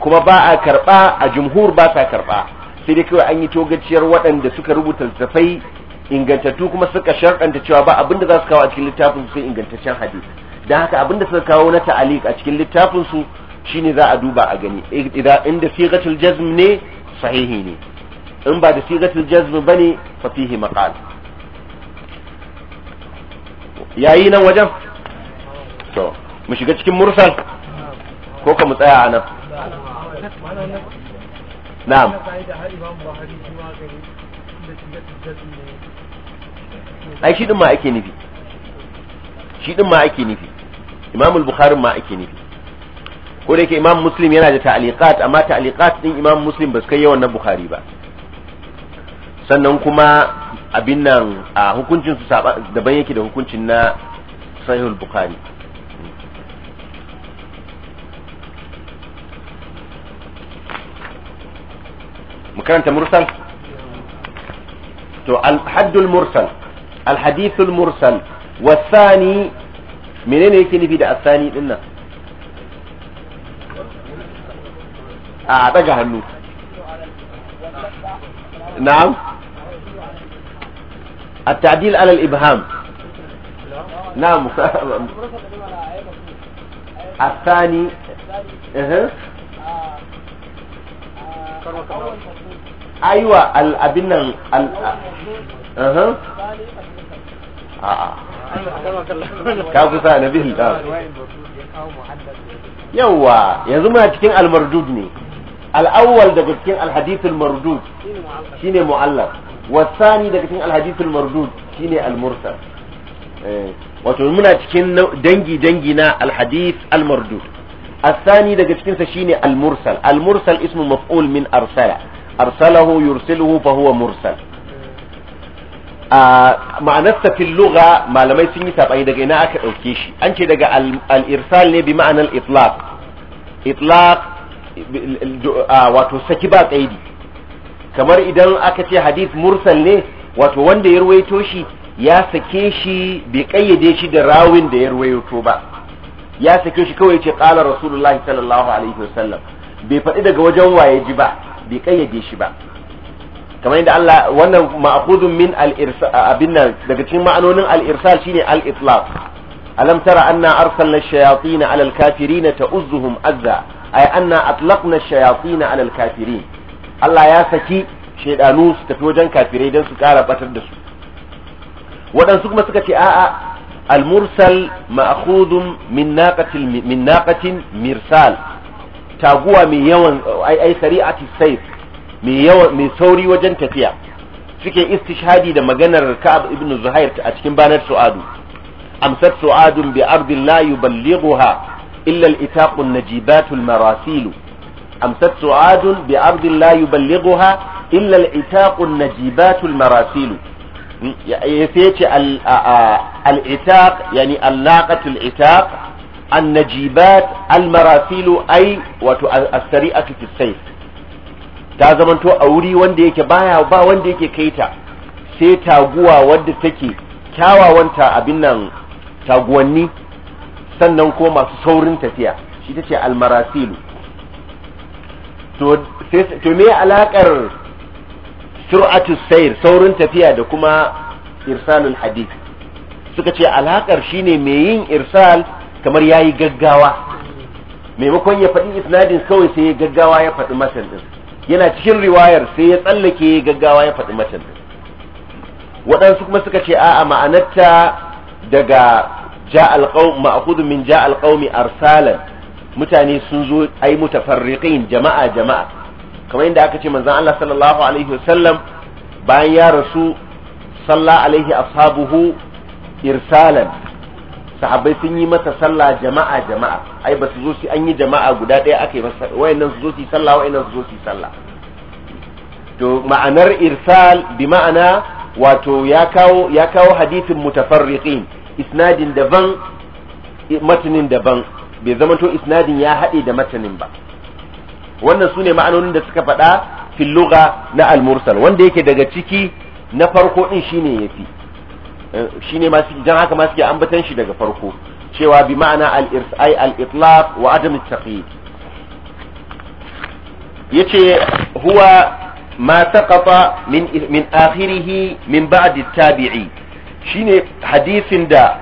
kuma ba a karba a jumhur ba ta karba sai dai kawai an yi togaciyar waɗanda suka rubuta tafai ingantattu kuma suka sharɗanta cewa ba abinda za su kawo a cikin littafin su sai ingantaccen hadisi dan haka abinda suka kawo na ta'liq a cikin littafin su shine za a duba a gani idan inda sigatul jazm ne sahihi ne in ba da sigatul jazm bane fa fihi maqal yayi nan wajen to mu shiga cikin mursal ko ka mu tsaya a nan na'am ai shi din ma ake nufi shi din ma ake nufi imamul bukhari ma ake nufi ko da yake imam muslim yana da ta'liqat amma ta'liqat din imam muslim ba su kai yawan na bukhari ba sannan kuma abin nan a hukuncin su daban yake da hukuncin na sahihul bukhari mu karanta mursal to al-haddul mursal al-hadithul mursal wasani menene yake nufi da asani dinnan a daga hannu na'am التعديل على الإبهام نعم الثاني اها ايوه الابن ال a kafi sa na bin da yawa yanzu muna cikin almardud ne al'awwal daga cikin alhadithul mardud shine mu'allaf wasani daga cikin alhadithul mardud shine al-mursal eh, wato muna cikin dangi dangi na alhadith al-mardud الثاني daga cikin sa shine al-mursal al-mursal ismu maf'ul min arsala arsalahu yursiluhu fa huwa mursal a ma'anarsa fil lugha malamai sun yi sabai daga ina aka dauke shi an ce daga al-irsal ne bi ma'anar itlaq itlaq wato saki ba kaidi kamar idan aka ce hadith mursal ne wato wanda ya ruwaito shi ya sake shi bai kayyade shi da rawin da ya ruwaito ba ya sake shi kawai ce qala rasulullahi sallallahu alaihi wasallam bai faɗi daga wajen waye ji ba bai kayyade shi ba kamar yadda Allah wannan ma'khudun min al-irsal abin nan daga cikin ma'anonin al-irsal shine al-itlaq alam tara anna arsalna ash-shayatin 'ala al-kafirin ta'uzzuhum azza ay anna atlaqna ash-shayatin 'ala al-kafirin Allah ya saki shedanu su tafi wajen kafirai dan su kara batar da su waɗansu kuma suka ce a'a al-mursal ma'khudun min naqati min naqatin mirsal taguwa mai yawan ai ai sari'ati sayf mai yawan mai sauri wajen tafiya suke istishhadi da maganar Ka'ab ibn Zuhair a cikin banar Su'adu amsat Su'adun bi ardin la yuballighuha illa al-itaqu an-najibatu al-marasilu amsat su'adun bi ardin la yuballighuha illa al-itaqu an-najibatu al-marasilu yace itaq yani al-laqatu al-itaq النجيبات المراسيل أي السريعة في ta zamanto a wuri wanda yake baya ba wanda yake kaita sai taguwa wadda take kyawawan ta abin nan taguwanni sannan ko masu saurin tafiya ita ce almarasilu to me alaƙar sur'atu sayr saurin tafiya da kuma irsalul hadith suka ce alakar shine mai yin irsal kamar yayi gaggawa maimakon ya faɗi isnadin kawai sai ya gaggawa ya faɗi matan din yana cikin riwayar sai ya tsallake ya gaggawa ya faɗi matan din waɗansu kuma suka ce a'a ma'anarta daga ja'al min ja qaumi arsalan mutane sun zo ai mutafarriqin jama'a jama'a kamar aka ce manzon Allah sallallahu alaihi wasallam bayan ya rasu salla alaihi ashabuhu irsalan sahabbai sun yi masa sallah jama'a jama'a ai ba su zo su an yi jama'a guda ɗaya aka yi masa wayannan su zo su sallah wayannan su zo su sallah to ma'anar irsal bi ma'ana wato ya kawo ya kawo hadithin mutafarriqin isnadin daban matanin daban bai zamanto isnadin ya haɗe da matanin ba wannan su ne ma'anonin da suka faɗa fil na almursal wanda yake daga ciki na farko din shine yafi eh, shine ma dan haka ma suke ambatan shi daga farko cewa bi ma'ana al-irsai al wa adam at Ya yace huwa ma saqata min akhirihi min ba'd tabii shine hadisin da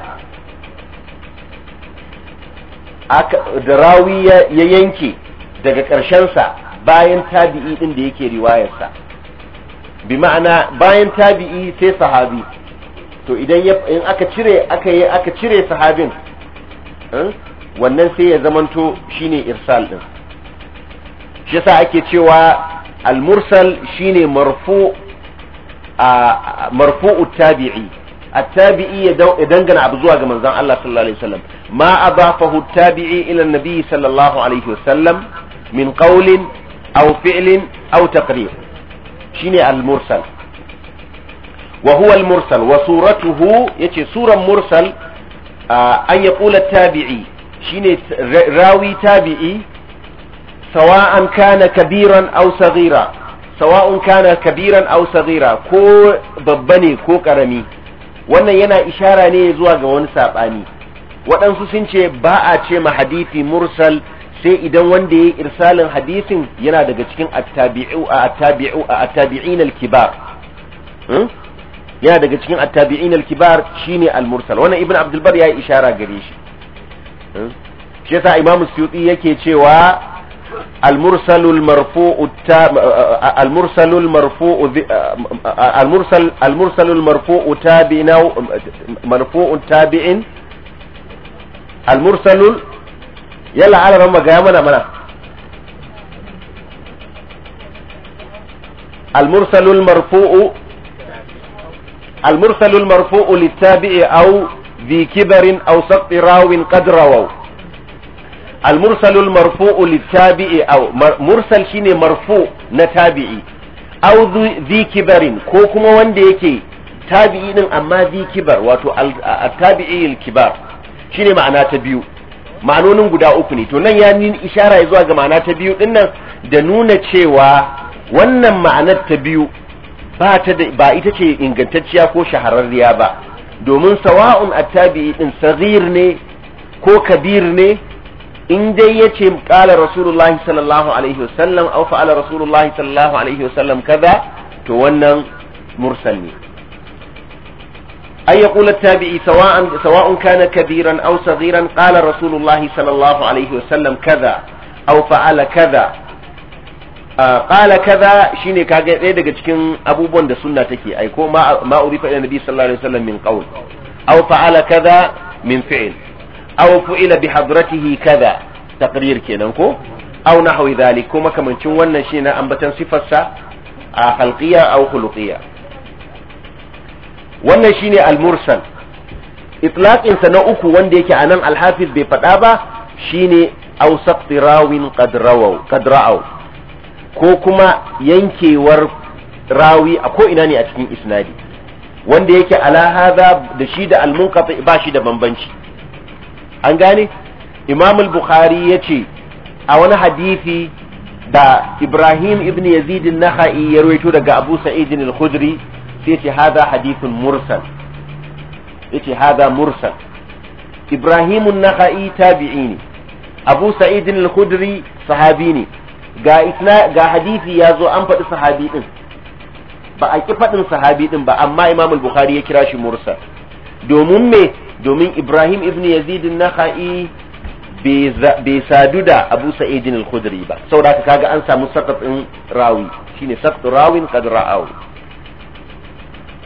da rawi ya yanke daga ƙarshensa bayan tabi'i ɗin da yake riwayarsa bi ma'ana bayan tabi'i sai sahabi to idan in aka cire aka yi aka cire sahabin eh, wannan sai ya zamanto shine irsal din shi yasa ake cewa al-mursal shine marfu a marfu'u tabi'i a tabii ya dangana abu zuwa ga manzon Allah sallallahu alaihi wasallam ma adafahu tabii ila an-nabi sallallahu alaihi wasallam min qawlin aw fi'lin aw taqrir shine al-mursal wa huwa al-mursal wa suratuhu yace suran mursal an yaqula at-tabi'i shine rawi tabi'i sawa'an kana kabiran sawa'un kana kabiran aw saghira ko babba ne ko karami wannan yana ishara ne zuwa ga wani saɓani waɗansu sun ce ba a ce ma hadisi mursal sai idan wanda ya yi irsalin hadisin yana daga cikin attabi'u a attabi'u a attabi'in al-kibar hmm? yana daga cikin attabi'in al-kibar shine al-mursal wannan ibn abdul bar yi ishara gare shi hmm? shi yasa imam suyuti yake cewa المرسل المرفوع التام المرسل المرفوع المرسل المرسل المرفوع تابع مرفوع تابع المرسل يلا على رمى جامنا منا المرسل المرفوع المرسل المرفوع للتابع او ذي كبر او سقط راو قد رووا al-mursalul marfu'u littabi'i aw mursal shine marfu na tabi'i aw dhi kibarin ko kuma wanda yake tabi'i din amma dhi kibar wato at-tabi'i kibar shine ma'ana ta biyu ma'anonin guda uku ne to nan ya ni ishara zuwa ga ma'ana ta biyu din nan da nuna cewa wannan ma'anar ta biyu ba ta ba ita ce ingantacciya ko shahararriya ba domin sawa'un at-tabi'i din saghir ne ko kabir ne in dai yace qala rasulullahi sallallahu alaihi wasallam aw fa'ala rasulullahi sallallahu alaihi wasallam kaza to wannan mursal ne أن يقول التابعي سواء سواء كان كبيرا أو صغيرا قال رسول الله صلى الله عليه وسلم كذا أو فعل كذا آه قال كذا شيني كاجا ɗaya daga cikin abubuwan da sunna take ai ko ma ma urifa ila nabi sallallahu alaihi wasallam min qaul aw fa'ala kaza min fi'l aw fu'ila bi hadratihi kaza taqrir kenan ko aw nahwi dhalik ko makamancin wannan shine ambatan sa a khalqiyya aw khuluqiya wannan shine al-mursal itlaqin sa na uku wanda yake anan al-hafiz bai fada ba shine aw saqtirawin qad rawaw ko kuma yankewar rawi a ko ina ne a cikin isnadi wanda yake ala hadha da shi da al-munqati ba shi da bambanci an gane imam al-bukhari ya ce a wani hadisi da ibrahim ibn yazid an-nakhai ya rawaito daga abu sa'id al-khudri sai ce hadha hadithun mursal yace hada mursal ibrahim an-nakhai tabi'i ne abu sa'id al-khudri sahabi ne ga isna ga hadisi ya zo an faɗi sahabi din ba a ki faɗin sahabi din ba amma imam al-bukhari ya kira shi mursal domin me domin Ibrahim ibn Yazid an-Nakhai bai sadu da Abu Sa'id al-Khudri ba saboda kaga an samu sakat din rawi shine sakat rawin kad ra'aw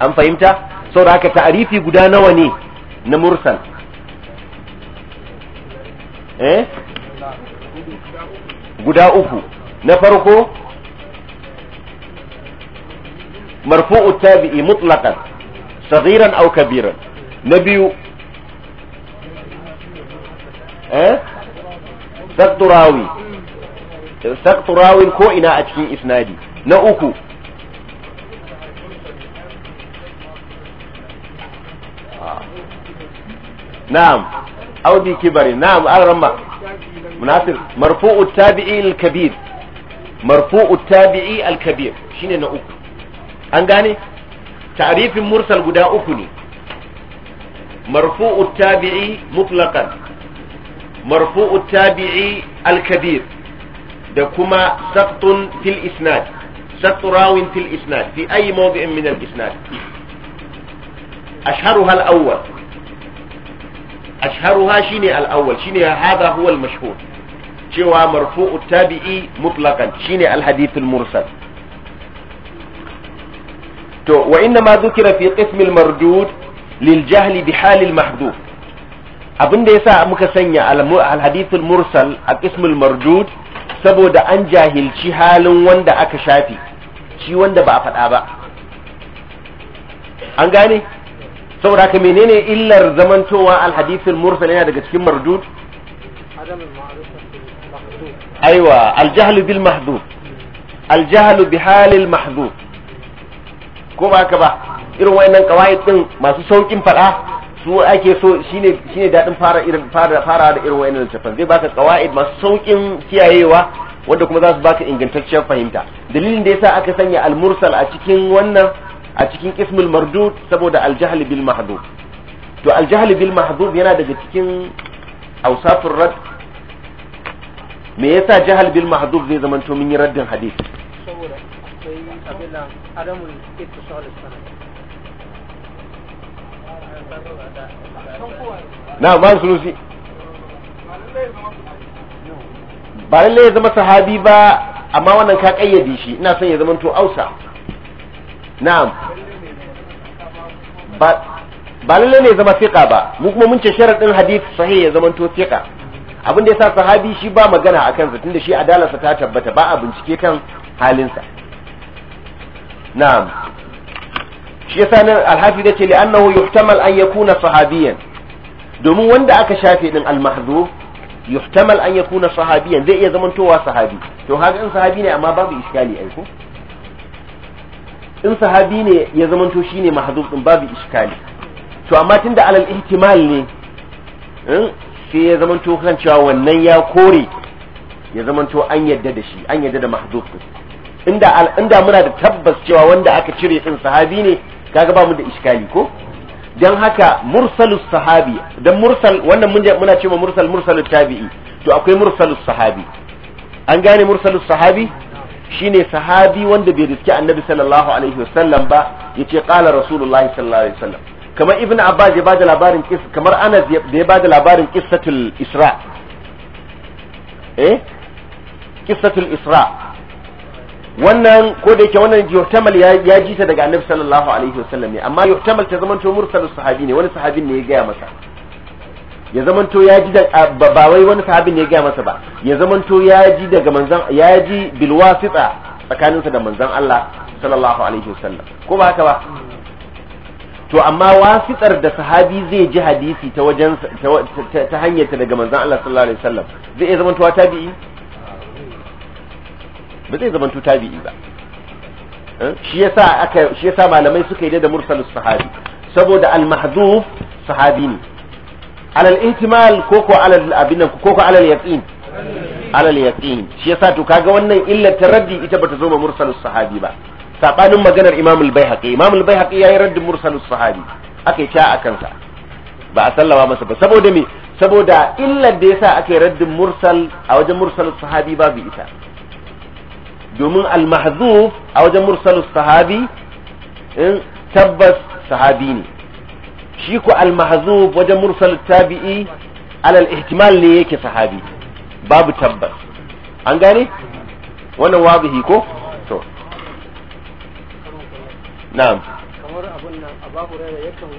an fahimta saboda haka ta'rifi guda nawa ne na mursal eh guda uku na farko marfu'u tabi'i mutlaqan saghiran aw kabiran na biyu eh sakturawi sakturawin ko ina a cikin isnadi na uku na'am audi kibari na'am al-ramma munasir marfu'u tabi'i al-kabir marfu'u tabi'i al-kabir shine na uku an gane ta'rifin mursal guda uku ne marfu'u tabi'i mutlaqan مرفوع التابعي الكبير دكما سقط في الإسناد سقط راو في الإسناد في أي موضع من الإسناد أشهرها الأول أشهرها شيني الأول شيني هذا هو المشهور شوى مرفوع التابعي مطلقا شيني الحديث المرسل وإنما ذكر في قسم المردود للجهل بحال المحدود abin da yasa muka sanya alhadithul mursal a ismul mardud saboda an jahilci halin wanda aka shafi shi wanda ba a faɗa ba an gane saboda ka menene illar zamantowa alhadithul mursal yana daga cikin mardud aiwa aljahlu bil mahdud aljahlu bi halil mahdud ko ba ka ba irin wayannan kawai din masu saukin faɗa su ake so shine shine dadin fara irin fara fara da irin wayannan littafan zai baka qawaid masu saukin kiyayewa wanda kuma za su baka ingantacciyar fahimta dalilin da yasa aka sanya al-mursal a cikin wannan a cikin ismul mardud saboda al-jahl bil mahdud to al-jahl bil mahdud yana daga cikin awsafur rad me yasa jahl bil mahdud zai zamanto min raddin hadith saboda akwai abin nan adamul ittisal sanad na ba rufi ba lalle ya zama sahabi ba amma wannan ka kayyade shi ina son ya zama to ausa na'am ba ba lalle ne zama fiqa ba mu kuma mun ce sharadin hadith sahih ya zama to fiqa abin da yasa sahabi shi ba magana a kansa tunda shi adalarsa ta tabbata ba a bincike kan halinsa na'am shi yasa nan alhafi da ce li'annahu yuhtamal an yakuna sahabiyan domin wanda aka shafe din al-mahdhuf yuhtamal an yakuna sahabiyan zai iya zamantowa sahabi to haka in sahabi ne amma babu iskali ai ko in sahabi ne ya zamanto shine mahdhuf din babu iskali to amma tunda alal ihtimal ne eh, sai ya zamanto kan cewa wannan ya kore ya zamanto an yadda da shi an yadda da mahdhuf inda inda muna da tabbas cewa wanda aka cire din sahabi ne kaga ba mu da iskali ko dan haka mursalus sahabi dan mursal wannan muna cewa mursal mursalut tabi'i to akwai mursalus sahabi an gane mursalus sahabi shine sahabi wanda bai riski annabi sallallahu alaihi wasallam ba yace qala rasulullahi sallallahu alaihi wasallam kamar ibnu abbas ya bada labarin kissa kamar anas ya bada labarin kissatul isra eh kissatul isra wannan ko da yake wannan yuhtamal ya ji ta daga annabi sallallahu alaihi wasallam ne amma yuhtamal ta to mursalus sahabi ne wani sahabin ne ya gaya masa ya to ya ji da ba wai wani sahabin ne ya gaya masa ba ya zamanto ya ji daga manzan ya ji bil wasita tsakaninsa da manzan Allah sallallahu alaihi wasallam ko ba haka ba to amma wasitar da sahabi zai ji hadisi ta wajen ta hanyar daga manzan Allah sallallahu alaihi wasallam zai iya zamantowa tabi'i ba zai zamanto tabi'i ba eh? shi yasa aka shi yasa malamai suka yi da mursalus sahabi saboda al-mahdhuf sahabi ne alal ihtimal koko alal abin nan koko alal yaqin alal yaqin shi yasa to kaga wannan illar taraddi ita bata zo ma mursalus sahabi ba sabanin maganar imam al bayhaqi imam al bayhaqi yayi raddin mursalus sahabi aka yi ta akan sa ba a sallama masa ba saboda me saboda illa da yasa aka yi raddin mursal a wajen mursalus sahabi babu ita domin al a wajen mursalus sahabi in tabbas sahabi ne shi ko al wajen mursalus tabi'i alal ihtimal ne yake sahabi babu tabbas an gane wannan wazihi ko to na'am kamar abin nan a babu rera yakan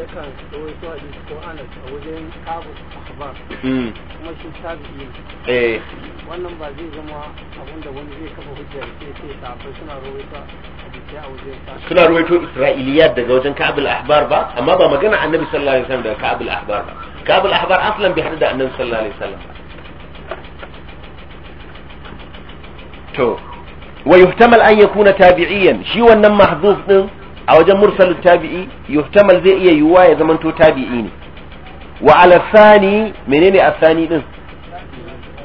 yakan rawaito hadisi ko anas a wajen kabu akhbar kuma shi tabi'i eh wannan ba zai zama abin da wani zai kafa hujja sai sai sahabbai suna rawaito hadisi a wajen suna rawaito isra'iliyat daga wajen kabul ahbar ba amma ba magana annabi sallallahu alaihi wasallam daga kabul ahbar ba kabul ahbar aslan bai hada da annabi sallallahu alaihi wasallam to ويحتمل أن يكون تابعيا شي ونم محذوف a wajen mursalin tabi'i yuhtamal zai iya yiwuwa ya zamanto tabi'i ne wa alasani menene asani din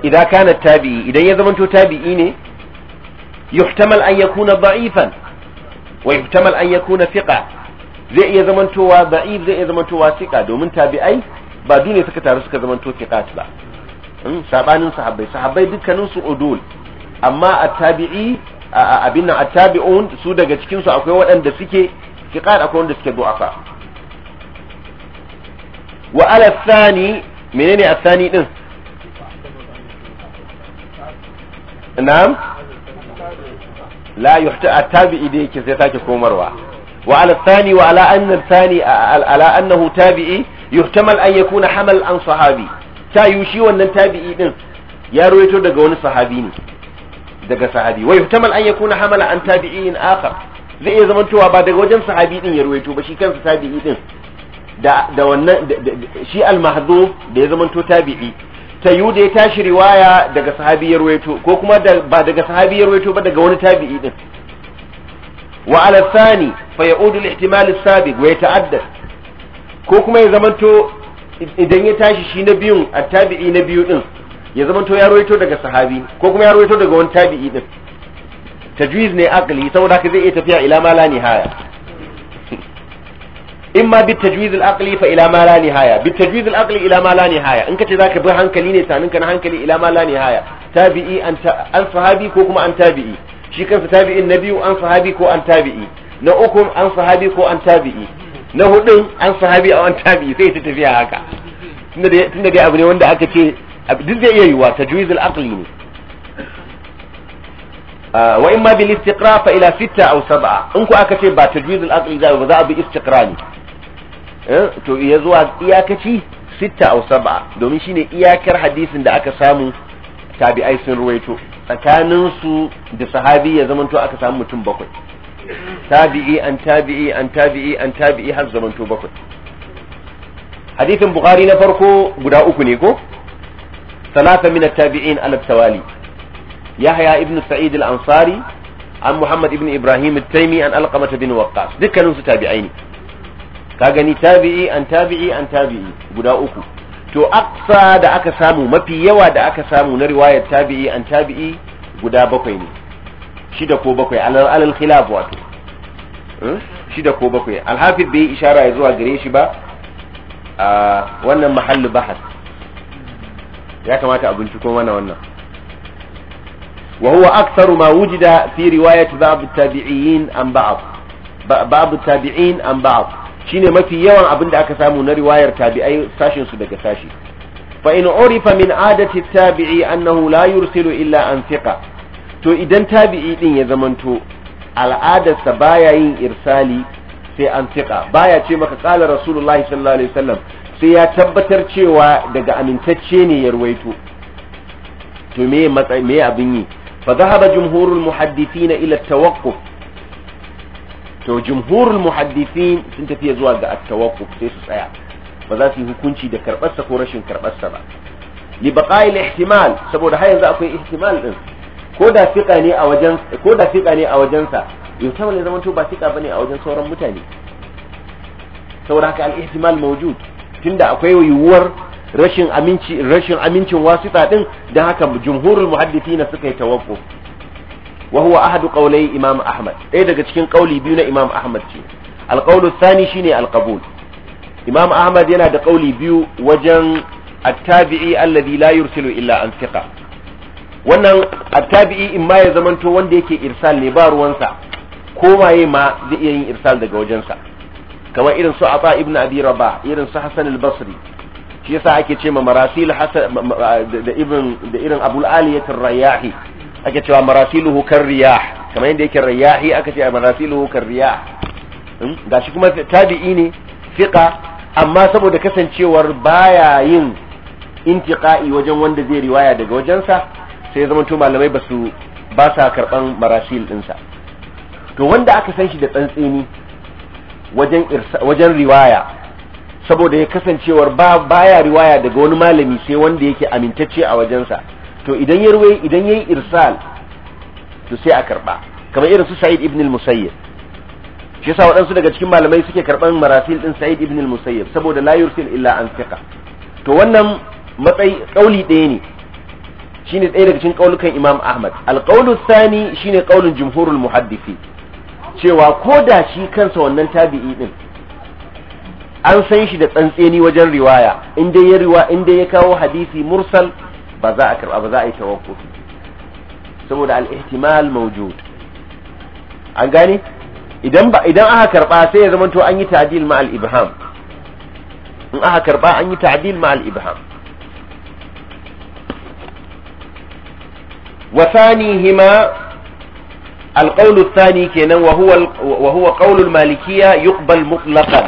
idan kana tabi'i idan ya zamanto tabi'i ne yuhtamal an yakuna da'ifan wa yuhtamal an yakuna thiqa zai iya zamantowa da'if zai iya zamantowa thiqa domin tabi'ai ba dune suka taru suka zamanto thiqat ba hmm, sabanin sahabbai sahabbai dukkanin su udul amma at-tabi'i abin nan attabi'un su daga cikin su akwai waɗanda suke fiqar akwai wanda suke du'afa wa ala thani menene athani din na'am la yuhta attabi'i da yake sai sake komarwa wa ala thani wa ala anna thani ala annahu tabi'i yuhtamal an yakuna hamal an sahabi ta yushi wannan tabi'i din ya ruwaito daga wani sahabi ne daga sahabi wa yuhtamal an yakuna hamala an tabi'in akhar zai iya zamantowa ba daga wajen sahabi din ya ruwaito ba shi kansa tabi'i din da da wannan shi al-mahdhuf da ya zamanto tabi'i ta yu da ya tashi riwaya daga sahabi ya ruwaito ko kuma ba daga sahabi ya ruwaito ba daga wani tabi'i din wa ala thani fa ya'udu al-ihtimal as-sabiq wa yata'addad ko kuma ya zamanto idan ya tashi shi na biyun at-tabi'i na biyu din ya zama to ya rawaito daga sahabi ko kuma ya rawaito daga wani tabi'i din tajwiz ne aqli saboda haka zai iya tafiya ila ma la nihaya ma bi tajwiz al aqli fa ila ma la nihaya bi tajwiz al aqli ila ma la nihaya in kace zaka bi hankali ne ka na hankali ila ma la nihaya tabi'i an an sahabi ko kuma an tabi'i shi kansa tabi'in na biyu an sahabi ko an tabi'i na uku an sahabi ko an tabi'i na hudun an sahabi a an tabi'i sai ta tafiya haka tunda dai abu ne wanda aka ce duk zai iya yiwa tajwizul aqli ne ah, wa imma bil istiqra fa ila sita aw sab'a in ku aka ce ba ta tajwizul aqli za ba za a bi istiqra ne eh, to iya zuwa iyakaci sita aw sab'a domin shine iyakar hadisin da aka samu tabi'ai sun ruwaito tsakanin su da sahabi ya zamanto aka samu mutum bakwai tabi'i an tabi'i an tabi'i an tabi'i har zamanto bakwai hadisin bukhari na farko guda uku ne ko ثلاثة من التابعين على التوالي يحيى ابن سعيد الأنصاري عن محمد ابن إبراهيم التيمي عن ألقمة بن وقاص ذكر نسو تابعين كاغني تابعي أن تابعي أن تابعي بدا أكو to aqsa da aka samu mafi yawa da aka samu na riwayar tabi'i an tabi'i guda bakwai ne shida ko bakwai alal khilaf wato shida ko bakwai alhafiz bai ishara ya zuwa gare shi ba a wannan mahallu ya kamata a binciko mana wannan wa huwa ma wujida fi riwayat babu tabi'in an ba'd ba'd tabi'in shine mafi yawan abin da aka samu na riwayar tabi'ai sashin su daga sashi fa in urifa min adati tabi'i annahu la yursilu illa an thiqa to idan tabi'i din ya zamanto al'adarsa baya yin irsali sai an thiqa baya ce maka qala rasulullahi sallallahu alaihi wasallam sai ya tabbatar cewa daga amintacce ne ya ruwaito to me me abin yi fa zahaba jumhurul muhaddithina ila tawaqquf to jumhurul muhaddithin sun tafi zuwa ga at-tawaqquf sai su tsaya ba za su yi hukunci da karbarsa ko rashin karbarsa ba li baqa'il ihtimal saboda har yanzu akwai ihtimal din ko da fika ne a wajen ko da fika ne a wajen sa yau ta zaman to ba fika bane a wajen sauran mutane saboda haka al-ihtimal mawjud tunda akwai yiwuwar rashin aminci rashin amincin wasita din dan haka jumhurul muhaddithina suka yi tawaqquf wa huwa ahadu qawlai imam ahmad ɗaya daga cikin qawli biyu na imam ahmad ce alqawlu thani shine alqabul imam ahmad yana da qawli biyu wajen at-tabi'i alladhi la yursilu illa an thiqa wannan at-tabi'i in ma ya zamanto wanda yake irsal ne ba ruwansa ko waye ma zai iya yin irsal daga wajensa kamar irin su Ata ibn Abi Rabah irin su hasan al-Basri shi yasa ake ce ma marasil hasan da ibn da irin Abu al-Aliyat ar-Riyahi ake cewa marasiluhu kan riyah kamar yadda yake riyahi aka ce marasiluhu kan riyah hmm? gashi kuma tabi'i ne fiqa amma saboda kasancewar baya yin intiqa'i wajen wanda zai riwaya daga wajensa sai zama to malamai basu ba sa karban marasil dinsa to wanda aka san shi da tsantseni wajen wajen riwaya saboda ya kasancewar ba baya riwaya daga wani malami sai wanda yake amintacce a wajensa to idan ya ruwaye idan yayi irsal to sai a karba kamar irin su Sa'id ibn al-Musayyib shi yasa waɗansu daga cikin malamai suke karban marasil din Sa'id ibn al-Musayyib saboda la yursil illa an thiqa to wannan matsayi kauli ɗaya ne shine ɗaya daga cikin kaulukan Imam Ahmad al-qawlu thani shine kaulun jumhurul muhaddisi cewa ko da shi kansa wannan tabi'i din an san shi da tsantseni wajen riwaya in ya riwa in ya kawo hadisi mursal ba za a karba ba za a yi tawakkufi saboda al-ihtimal mawjud an gane idan ba idan aka karba sai ya zama to an yi ta'dil ma al-ibham in aka karba an yi ta'dil ma al-ibham wa thanihima القول الثاني كنا وهو وهو قول المالكية يقبل مطلقا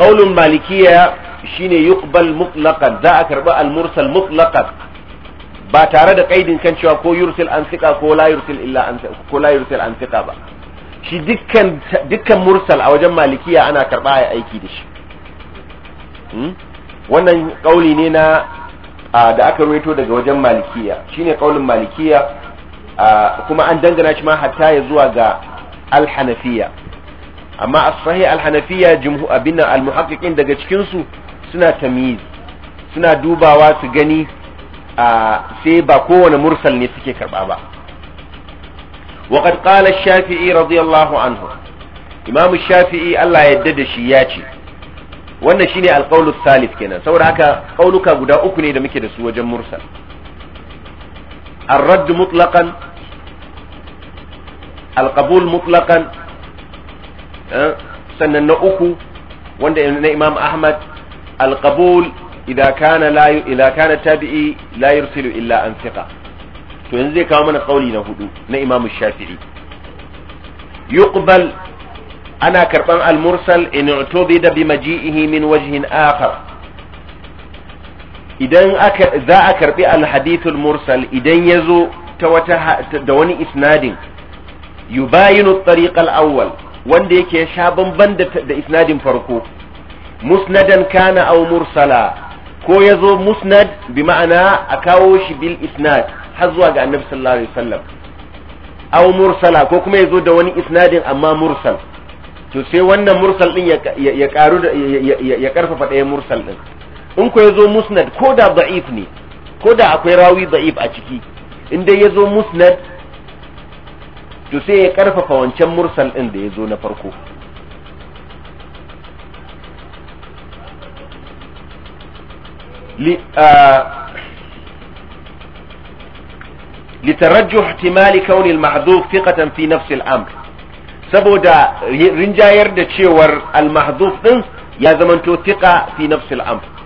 قول المالكية شين يقبل مطلقا ذا ba tare da kaidin kan cewa ko yursil an ko la yursil ba shi dukkan mursal a wajen malikiya ana karba ya aiki da shi wannan kauli ne na da aka ruwaito daga wajen malikiya shine kaulin malikiya kuma an dangana shi ma hatta ya zuwa ga alhanafiya amma as-sahih alhanafiya jumhur abinna almuhaqqiqin daga cikin su suna tamyiz suna dubawa su gani sai ba kowane mursal ne suke karba ba وقد anhu الشافعي shafi'i shafi'i ya yadda da shi ya ce wannan shine alqaulus salif kenan saboda haka kauluka guda uku ne da muke da su wajen mursal الرد مطلقا القبول مطلقا sannan na uku wanda na imam ahmad alqabul idan kana la tabi'i la yursilu illa an to yanzu zai kawo mana kauli na hudu na imam shafi'i yuqbal ana karban al mursal in utubida bi maji'ihi min wajhin akhar idan aka za a karbi alhadithul mursal idan ya zo ta wata da wani isnadin yubayinu tariq al-awwal wanda yake sha bamban da isnadin farko musnadan kana aw mursala ko ya zo musnad bi ma'ana a kawo shi bil isnad har zuwa ga annabi sallallahu alaihi wasallam aw mursala ko kuma ya zo da wani isnadin amma mursal to sai wannan mursal din ya karu ya karfafa ɗaya mursal din in ya yazo musnad ko da da'if ne ko da akwai rawi da'if a ciki in dai yazo musnad to sai ya karfafa wancan mursal din da ya zo na farko لترجح احتمال كون المحذوف ثقة في نفس الأمر saboda rinjayar da cewar al-mahdhuf din ya zamanto thiqa fi nafsi al-amr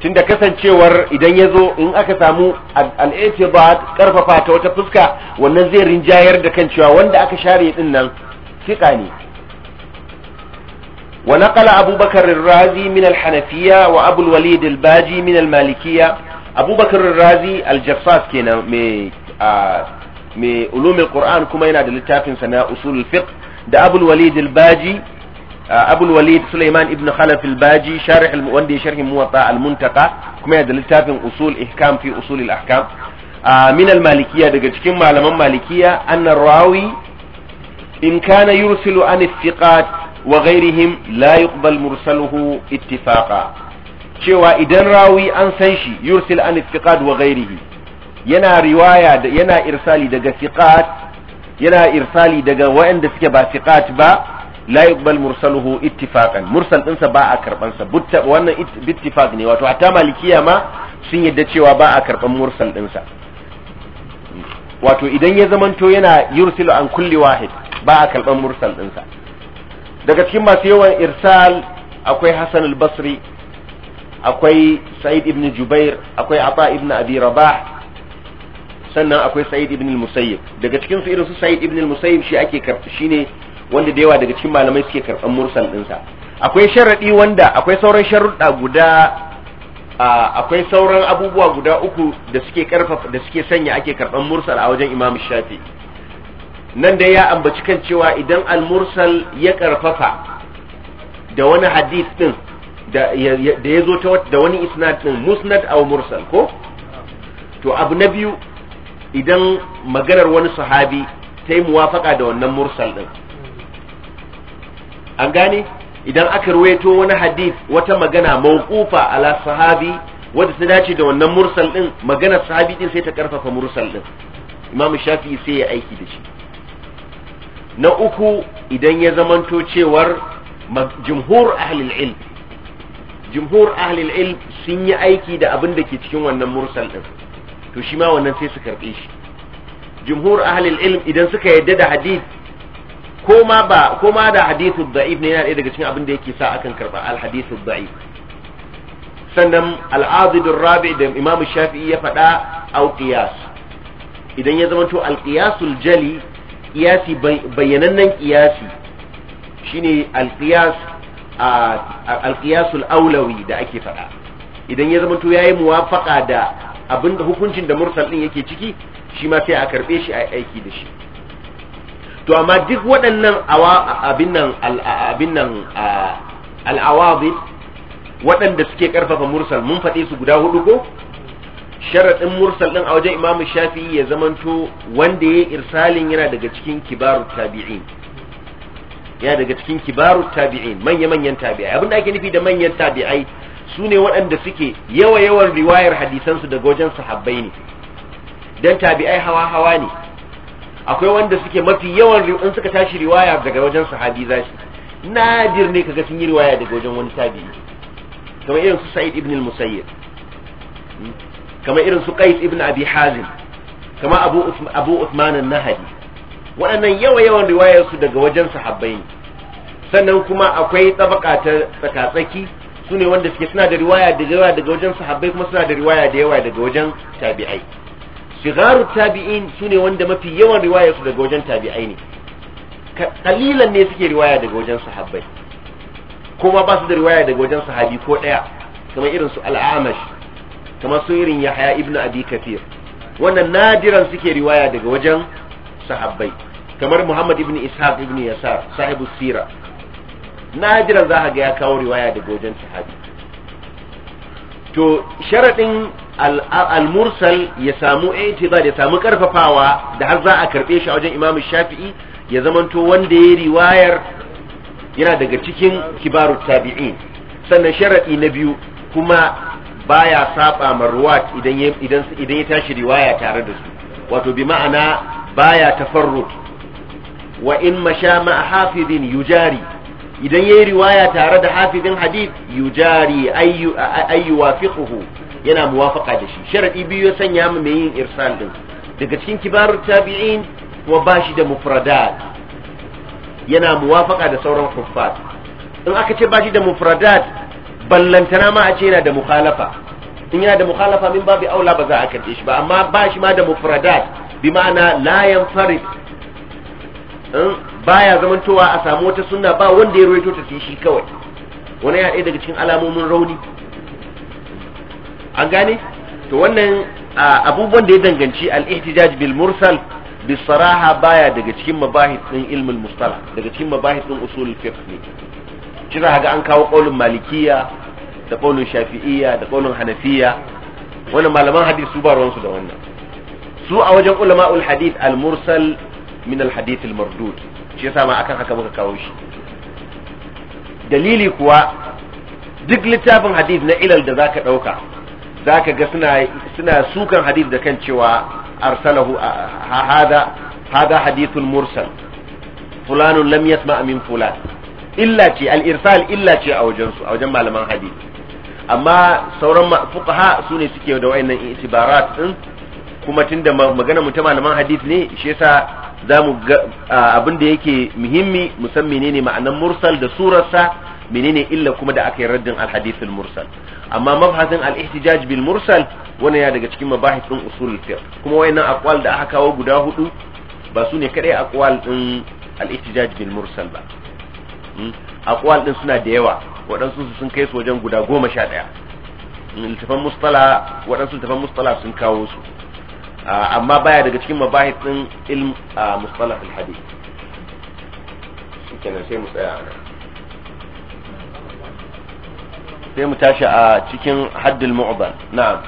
tunda kasancewar idan ya zo in aka samu al'itibat karfafa ta wata fuska wannan zai rinjayar da kan cewa wanda aka share din nan fiqa ne wa naqala abubakar ar-razi min al-hanafiya wa abu al-walid al-baji min al-malikiyya abubakar ar-razi al-jaffas kenan me mai ulum quran kuma yana da littafin sana usul al-fiqh da abul al-walid al-baji abul walid sulaiman ibn khalaf al-baji sharh wanda sharhin sharhi muwatta al kuma ya littafin usul ihkam fi usul al-ahkam min al-malikiyya daga cikin malaman malikiyya anna rawi in kana yursilu an thiqat wa ghayrihim la yuqbal mursaluhu ittifaqa cewa idan rawi an san shi yursil an thiqat wa ghayrihim yana riwaya yana irsali daga yana irsali daga waɗanda suke ba thiqat ba la yuqbal mursaluhu ittifaqan mursal dinsa ba a karban sa wannan ittifaq ne wato hatta malikiya ma sun yadda cewa ba a karban mursal dinsa wato idan ya zamanto yana yursilu an kulli wahid ba a karban mursal dinsa daga cikin masu yawan irsal akwai Hassan al-Basri akwai Sa'id ibn Jubair akwai Ata ibn Abi Rabah sannan akwai Sa'id ibn al-Musayyib daga cikin su irin su Sa'id ibn al-Musayyib shi ake shine wanda da yawa daga cikin malamai suke karɓar mursal ɗinsa akwai sharaɗi wanda akwai sauran sharuɗa guda akwai sauran abubuwa guda uku da suke karfafa da suke sanya ake karɓar mursal a wajen imam shafi nan da ya ambaci kan cewa idan almursal ya karfafa da wani hadith din da ya zo ta da wani isnad ɗin musnad aw mursal ko to abu na biyu idan maganar wani sahabi ta yi muwafaka da wannan mursal ɗin. an gane idan aka ruwaito wani hadith wata magana mawqufa ala sahabi wanda ta dace da wannan mursal din magana sahabi din sai ta karfafa mursal din imam shafi sai ya aiki da shi na uku idan ya zamanto cewar jumhur ahlul ilm jumhur ahlul ilm sun yi aiki da abin da ke cikin wannan mursal din to shi ma wannan sai su karbe shi jumhur ahlul ilm idan suka yadda da hadith ko ma ba ko ma da hadithu da'if ne yana ɗaya daga cikin abin da yake sa akan karba al hadithu da'if sannan al azid rabi da imam shafi'i ya faɗa au qiyas idan ya zama to al jali qiyasi bayyanannen qiyasi shine al qiyas al aulawi da ake faɗa idan ya zama to yayi muwafaqa da abin da hukuncin da mursal din yake ciki shi ma sai a karbe shi a aiki da shi to amma duk waɗannan abin nan abin nan al'awabi waɗanda suke ƙarfafa mursal mun faɗe su guda hudu ko sharaɗin mursal ɗin a wajen imamu shafi'i ya zamanto wanda ya irsalin yana daga cikin kibaru tabi'in yana daga cikin kibaru tabi'in manya-manyan tabi'ai abinda ake nufi da manyan tabi'ai su ne waɗanda suke yawa-yawan riwayar hadisansu daga wajen sahabbai ne don tabi'ai hawa-hawa ne akwai wanda suke mafi yawan in suka tashi riwaya daga wajen sahabi za shi nadir ne kaga sun yi riwaya daga wajen wani tabi'i kamar irin su sa'id ibn al-musayyib hmm? kamar irin su qais ibn abi hazim kamar abu abu usman an-nahdi waɗannan yawa yawan riwayar su daga wajen sahabbai sannan kuma akwai tabaka ta tsakatsaki su ne wanda suke suna da riwaya da yawa daga wajen sahabbai kuma suna da riwaya da yawa daga wajen tabi'ai sigaru tabi'in sune wanda mafi yawan riwaya su daga wajen tabi'ai ne kalilan ne suke riwaya daga wajen sahabbai ko ba su da riwaya daga wajen sahabi ko daya kamar irin su al'amash kamar su irin yahya ibnu abi kathir wannan nadiran suke riwaya daga wajen sahabbai kamar muhammad Ibn ishaq Ibn yasar sahibu sira nadiran za ga ya kawo riwaya daga wajen sahabi to sharadin al-mursal ya samu i'tibad ya samu karfafawa da har za a karbe shi a wajen Imam Shafi'i ya zamanto wanda ya riwayar yana daga cikin kibaru tabi'i sannan sharadi na biyu kuma baya saba marwat idan ya idan idan ya tashi riwaya tare da su wato bi ma'ana baya tafarrut wa in sha ma hafidin yujari idan yayi riwaya tare da hafidin hadith yujari ayyu ayyu wafiquhu yana muwafaka da shi sharadi biyu ya sanya mu mai yin irsal din daga cikin kibarut tabi'in kuma bashi da mufradat yana muwafaka da sauran kuffar in aka ce bashi da mufradat ballantana ma a ce yana da mukhalafa in yana da mukhalafa min babu aula ba za a kace shi ba amma bashi ma da mufradat bi ma'ana la yanfarid baya zamantowa a samu wata sunna ba wanda ya ruwaito ta shi kawai wani ya daga cikin alamomin rauni an gane to wannan abubuwan da ya danganci al-ihtijaj bil mursal bisaraha baya daga cikin mabahis din ilmul mustalah daga cikin mabahis din usul fiqh ne shi ga an kawo qaulun malikiya da qaulun shafi'iyya da qaulun hanafiya wannan malaman hadisi su ba su da wannan su a wajen ulama'ul hadith al-mursal min al-hadith al-mardud shi yasa ma akan haka muka kawo shi dalili kuwa duk littafin hadith na ilal da zaka dauka za ka ga suna sukan hadith da kan cewa arsalahu hada hada hadithul mursal fulanun lam yasma min fulan illa ce al-irsal illa ce a wajen su a wajen malaman hadith amma sauran fuqaha su ne suke da wayannan itibarat din kuma tunda magana mu ta malaman hadith ne shi yasa zamu ga abin da yake muhimmi musamman menene ma'anar mursal da surarsa menene illa kuma da aka yi raddin al-hadithul mursal amma mabhasin al-ihtijaj bil mursal wannan ya daga cikin mabahis din usul fiqh kuma wayannan aqwal da aka kawo guda hudu ba su ne kadai aqwal din al-ihtijaj bil mursal ba hmm? aqwal din suna da yawa waɗansu sun kai su wajen guda goma sha ɗaya hmm, littafan mustala waɗansu littafan mustala sun kawo su ah, amma baya daga cikin mabahis din ilm ah, mustalah al-hadith shikenan sai mu tsaya a nan sai mu tashi a cikin haddul mu'ban na'am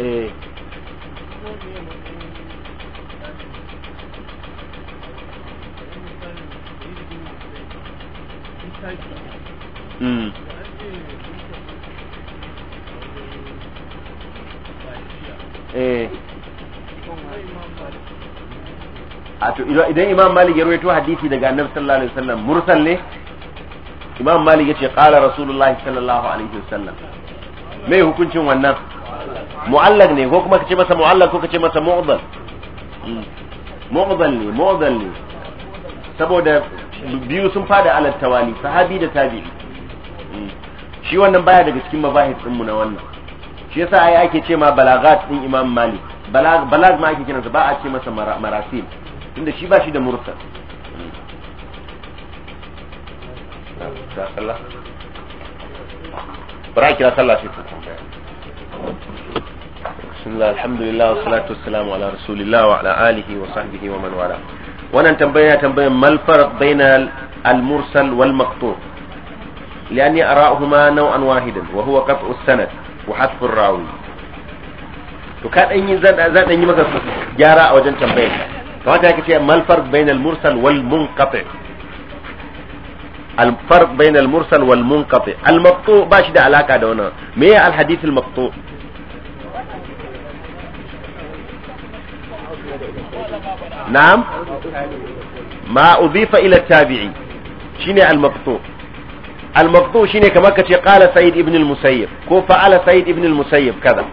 eh Eh a to idan imam malik ya rawaito hadisi daga annabi sallallahu alaihi wasallam mursal ne imam malik yace qala rasulullah sallallahu alaihi wasallam me hukuncin wannan mu'allaq ne ko kuma kace masa mu'allaq ko kace masa mu'dal hmm. mu'dal ne mu'dal ne saboda biyu sun fada alal tawali sahabi da tabi'i hmm. shi wannan baya daga cikin mabahis din mu na wannan shi yasa ai ake ce ma balagat din imam malik balag balag ma ake kiransa ba a ce masa marasil tunda shi ba shi da murta bara kira sallah sai bismillah alhamdulillah wassalatu wassalamu ala rasulillah wa ala alihi wa sahbihi wa man wala wannan tambaya tambayan mal farq bainal al mursal wal maqtu لأني أراهما نوعا واحدا وهو قطع السند وحذف الراوي yi zan ɗan a ما الفرق بين المرسل والمنقطع الفرق بين المرسل والمنقطع المقطوع باش ده علاقة دونا مية الحديث المقطوع نعم ما أضيف إلى التابعي شنو المقطوع المقطوع شنو كما قال سيد ابن المسيب كو فعل سيد ابن المسيب كذا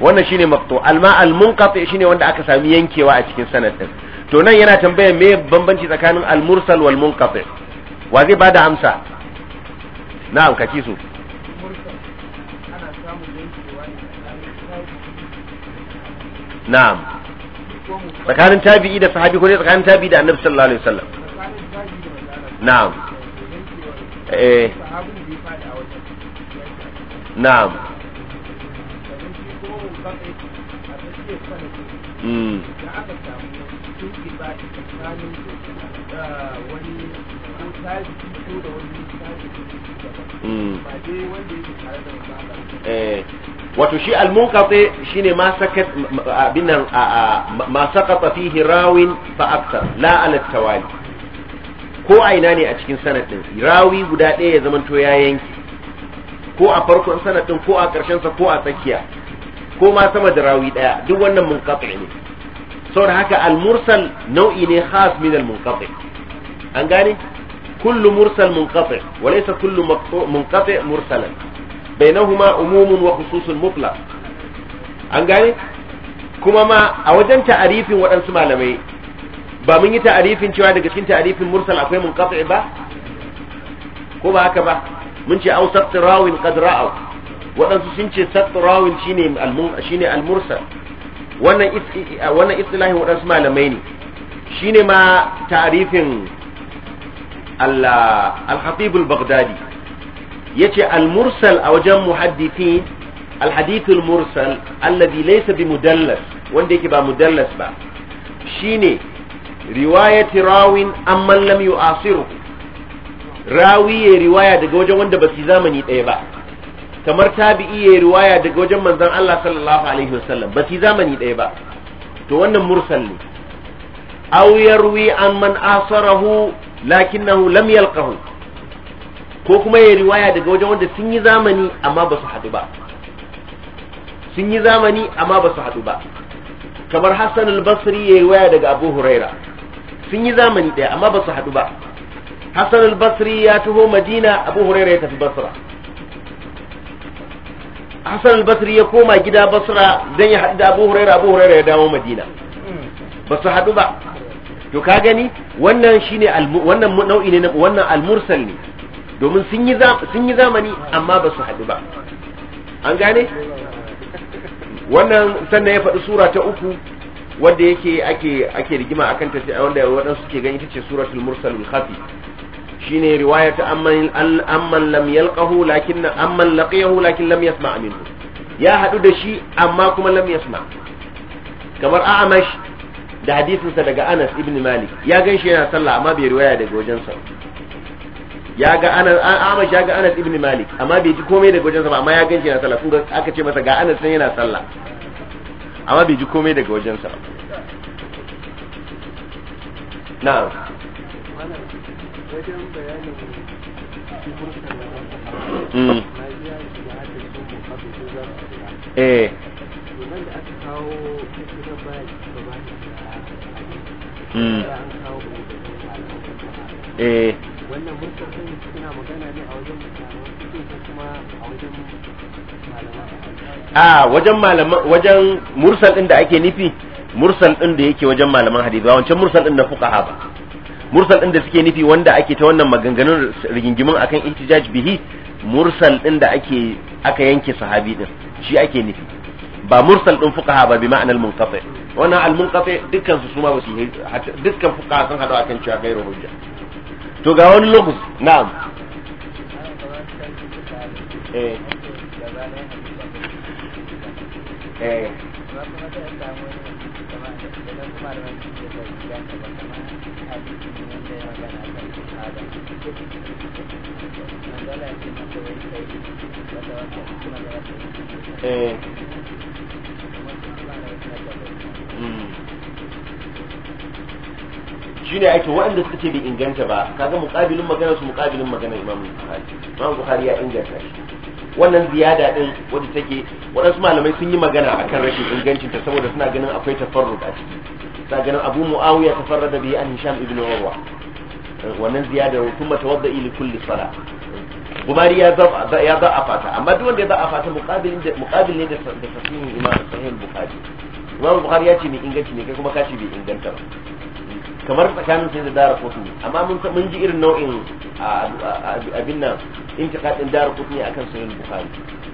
wannan shine maqtu alma almunqati shine wanda aka sami yankewa a cikin sanad din to nan yana tambayar me bambanci tsakanin almursal wal munqati wa zai bada amsa na'am kaki su na'am tsakanin tabi'i da sahabi ko ne tsakanin tabi'i da annabi sallallahu alaihi wasallam na'am eh na'am Hmm. Hmm. Eh. wato shi al shi shine ma sakat abin nan ma sakata fihi rawin la ko a ina ne a cikin sanadin rawi guda ɗaya ya zamanto ya yanki ko a farkon sanadin ko a ƙarshen sa ko a tsakiya ko ma sama da rawi daya duk wannan munqati ne saboda haka al mursal nau'i ne khas min al munqati an gane kullu mursal munqati wa laysa kullu munqati mursalan bainahuma umumun wa khususun mutlaq an gane kuma ma a wajen ta'arifin waɗansu malamai ba mun yi ta'arifin cewa daga cikin ta'arifin mursal akwai munqati ba ko ba haka ba mun ce awsat rawin qad ra'aw waɗansu sun ce satturawin shine shine almursal wannan wannan istilahin waɗansu malamai ne shine ma ta'rifin al-khatib al-baghdadi yace al-mursal a wajen muhaddithin al-hadith al-mursal alladhi laysa bi mudallas wanda yake ba mudallas ba shine riwayati rawin amman lam yu'asiru rawi riwaya daga wajen wanda ba su zamani ɗaya ba kamar tabi'i yayi riwaya daga wajen manzon Allah sallallahu alaihi wasallam ba ti zamani ɗaya ba to wannan mursal ne aw yarwi an man asarahu lakinnahu lam yalqahu ko kuma yayi riwaya daga wajen wanda sun yi zamani amma ba su haɗu ba sun yi zamani amma ba su haɗu ba kamar Hassan al-Basri yayi riwaya daga Abu Huraira sun yi zamani ɗaya amma ba su haɗu ba Hassan al-Basri ya taho Madina Abu Huraira ya tafi Basra Hassan al-Basri ya koma gida Basra dan ya haɗu da Abu Hurairah Abu Hurairah ya dawo Madina ba su haɗu ba to ka gani wannan shine wannan nau'i ne wannan al-mursal ne domin sun yi sun yi zamani amma ba su haɗu ba an gane wannan sannan ya faɗi sura ta uku wanda yake ake ake rigima akan ta wanda waɗansu ke gani tace ce suratul mursalul khafi shine riwaya ta amman lam yalqahu lakin amman laqiyahu lakin lam yasma minhu ya hadu da shi amma kuma lam yasma kamar a'amash da hadisinsa daga Anas ibn Malik ya shi yana sallah amma bai riwaya daga wajensa ya ga Anas A'amash ya ga Anas ibn Malik amma bai ji komai daga wajensa ba amma ya shi yana sallah kun ga aka ce masa ga Anas sai yana sallah amma bai ji komai daga wajensa na'am Mm. Eh. Mm. Eh. a ah, wajen malaman wajen mursal din da ake nufi mursal din da yake wajen malaman hadisi ba wancan mursal din na fuqaha ba mursal din da suke nufi wanda ake ta wannan maganganun rigingimin akan ihtijaj bihi mursal din da ake aka yanke sahabi din shi ake nufi ba mursal din fuqaha ba bi ma'anar munqati wannan al munqati dukkan su suma ba su dukkan fuqaha sun hadu akan cewa gairu hujja to ga wani lokus na'am eh eh Eh, eh. shine ake waɗanda suka ce bai inganta ba kaga muƙabilin magana su muƙabilin magana imamu bukhari ya inganta shi wannan ziyada din wadda take waɗansu malamai sun yi magana a kan rashin ingancinta saboda suna ganin akwai tafarru a ciki suna ganin abu muawiya da biyu an hisham ibn warwa wannan ziyada kuma tawadda mata kulli sala kulle ya za ya za a fata amma duk wanda ya za a fata mukabil ne da sahihin imam sahihin bukari imam bukari ya ce mai inganci ne kai kuma ka ce bai inganta ba kamar tsakanin sai da dara kotu amma mun ji irin nau'in abin nan intiqadin dara kotu ne akan sayin bukhari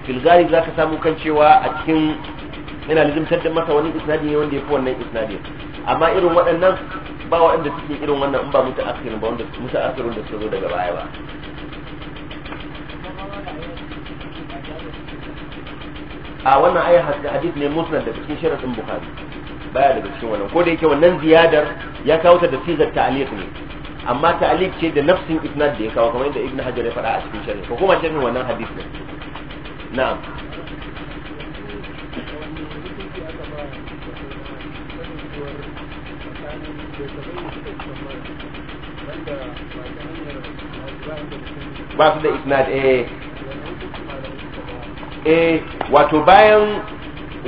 filgari za ka samu kan cewa a cikin yana lizimtar da masa wani isnadi ne wanda ya fi wannan isnadi amma irin waɗannan ba waɗanda suke irin wannan in ba mutu asirin ba wanda mutu asirin da suka zo daga baya ba a wannan ayar hadith ne musnad da cikin sharaɗin bukhari baya daga cikin wannan ko da yake wannan ziyadar ya kawo ta da sigar ta'liq ne amma ta'liq ce da nafsin isnad da ya kawo kamar yadda ibnu hajar ya faɗa a cikin sharhi ko kuma sharhin wannan hadith ne na'am ba su da isnad eh eh wato bayan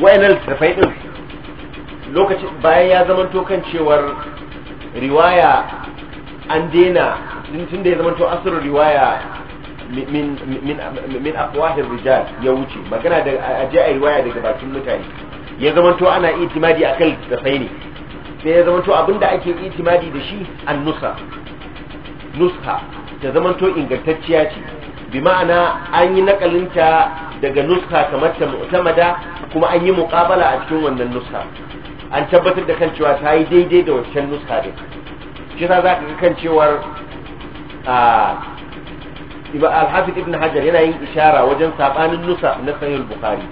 wayanar da faidin lokacin bayan ya zamanto kan cewar riwaya an daina tun da ya to asirin riwaya min afwahir rijal ya wuce magana da aje a riwaya daga bakin mutane ya zamanto ana itimadi akan sai ne sai ya zamanto abinda ake itimadi da shi an nusa nusha ta zamanto ingantacciya ce bi ma'ana an yi nakalinta daga nusha kamar ta mu'tamada kuma an yi muqabala a cikin wannan nusha an tabbatar da kan cewa ta yi daidai da wancan nuska din shi za ka ga kan cewar a hafiz ibn hajar yana yin ishara wajen sabanin nusa na sahih bukhari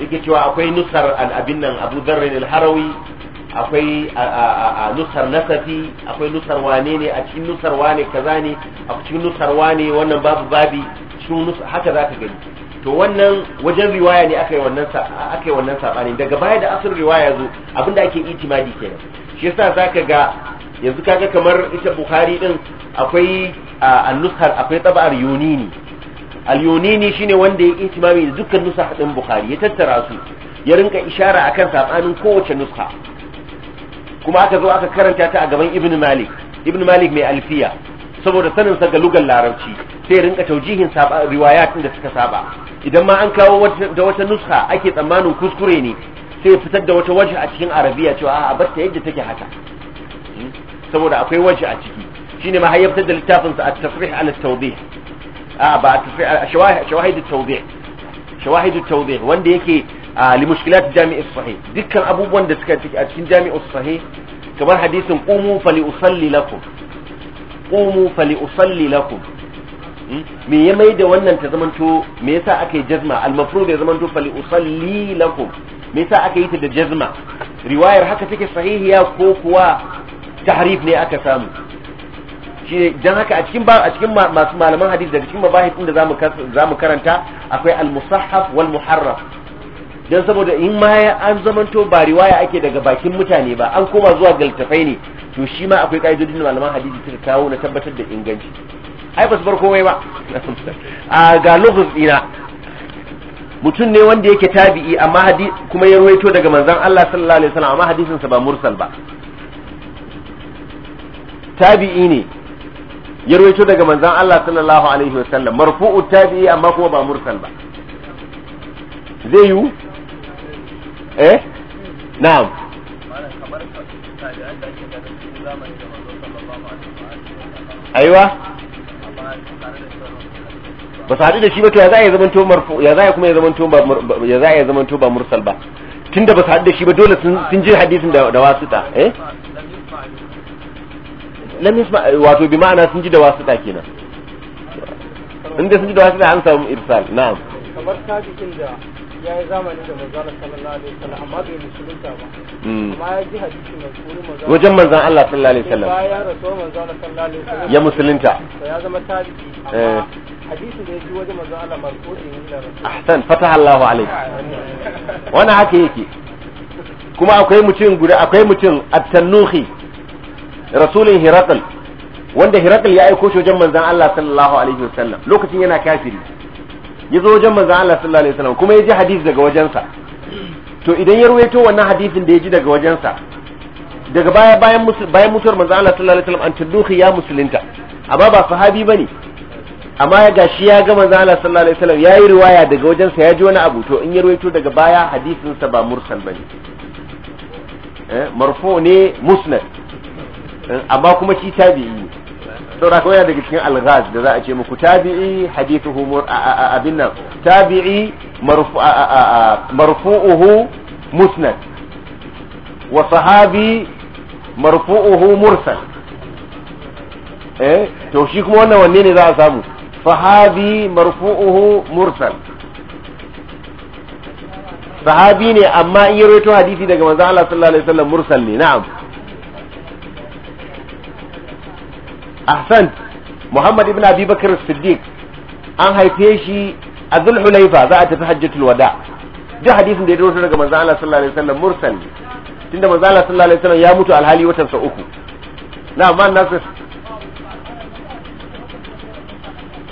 yake cewa akwai nusar al-abin nan abu dharrin al-harawi akwai nusar nasafi akwai nusar wane ne a cikin nusar wane kaza ne a cikin nusar wane wannan babu babi cikin haka za ka gani to wannan wajen riwaya ne aka yi wannan aka yi wannan sabani daga baya da asir riwaya zo abinda ake itimadi kenan shi yasa zaka ga yanzu kaga kamar ita bukhari din akwai an-nushar akwai tab'ar yunini al-yunini shine wanda ya itimami da dukkan nusakh din bukhari ya tattara su ya rinka ishara akan sabanin kowace nuskha kuma aka zo aka karanta ta a gaban ibn malik ibn malik mai alfiya saboda sanin sa ga lugar larabci sai rinka taujihin saba riwayatin da suka saba idan ma an kawo da wata nuska ake tsammanin kuskure ne sai fitar da wata waje a cikin arabiya cewa a'a batta yadda take haka hmm? saboda akwai waje a ciki shine ma hayyabtar da littafin sa at-tafrih ala tawdih a'a ba at-tafrih shawahid at-tawdih shawahid at-tawdih wanda yake li mushkilat jami' as-sahih dukkan abubuwan da suka ciki a cikin jami' as-sahih kamar hadisin qumu fali usalli lakum qumu fali usalli lakum hmm? me ya mai da wannan ta zamanto me yasa aka yi jazma al-mafruḍ ya zamanto fali usalli lakum me yasa aka yi ta da jazma riwayar haka take sahihiya ko kuwa tahrif ne aka samu shi dan haka a cikin a cikin masu malaman hadisi daga cikin mabahith din da zamu zamu karanta akwai al-musahhaf wal muharraf dan saboda in ma an zamanto ba riwaya ake daga bakin mutane ba an koma zuwa galtafai ne to shi ma akwai ka'idodin malaman hadisi suka kawo na tabbatar da inganci ai ba su bar komai ba a ga lughuz dina mutum ne wanda yake tabi'i amma hadisi kuma ya ruwaito daga manzon Allah sallallahu alaihi wasallam amma hadisin sa ba mursal ba tabi'i ne ya ruwaito daga manzon Allah sallallahu alaihi wasallam marfu'u tabi'i amma kuma ba mursal ba zai yiwu eh na'am aiwa ba su haɗu da shi ba to ya za ya zamanto marfu ya za ya kuma ya zamanto ba ya za ya zamanto ba mursal ba tunda ba su haɗu da shi ba dole sun ji hadisin da da wasita eh lam yasma wato bi ma'ana sun ji da wasita kenan inda sun ji da wasita an samu irsal na'am kamar sabiqin da ya yi zamani da sallallahu alaihi wasallam amma bai musulunta ba hmm. amma ya ji hadisi kuri wajen manzan Allah sallallahu alaihi wasallam bayan rasuwa manzara sallallahu alaihi wasallam ya musulunta ya zama tabi'i amma eh. hadisi da wajen Allah marfu'i ne da ahsan fataha Allahu alaihi wannan haka yake kuma akwai mutum guda akwai mutum at-tannuhi rasulun hirakal wanda hirakal ya aiko shi wajen manzan Allah sallallahu alaihi wasallam lokacin yana kafiri ya zo wajen manzan Allah sallallahu alaihi wasallam kuma ya ji hadisi daga wajensa to idan ya ruwaito wannan hadisin da ya ji daga wajensa daga baya bayan bayan mutuwar manzan Allah sallallahu alaihi wasallam an tudduhi ya musulunta amma ba sahabi bane amma ya gashi ya ga manzan Allah sallallahu alaihi wasallam yi riwaya daga wajensa ya ji wani abu to in ya ruwaito daga baya hadisin sa ba mursal bane eh marfu ne musnad eh, amma kuma shi tabi'i saura kawai daga cikin alghaz da za a ce muku tabi'i hadithuhu abin nan tabi'i marfu'uhu musnad wa sahabi marfu'uhu mursal eh to shi kuma wannan wanne ne za a samu sahabi marfu'uhu mursal sahabi ne amma in yi rawaito hadisi daga manzo Allah sallallahu alaihi wasallam mursal ne na'am ahsan muhammad ibn abi bakr siddiq an haife shi a zulhulaifa za a tafi hajjatul wada duk hadisin da ya dawo daga manzo Allah sallallahu alaihi wasallam mursal tunda manzo Allah sallallahu alaihi wasallam ya mutu alhali watan sa uku na amma nasir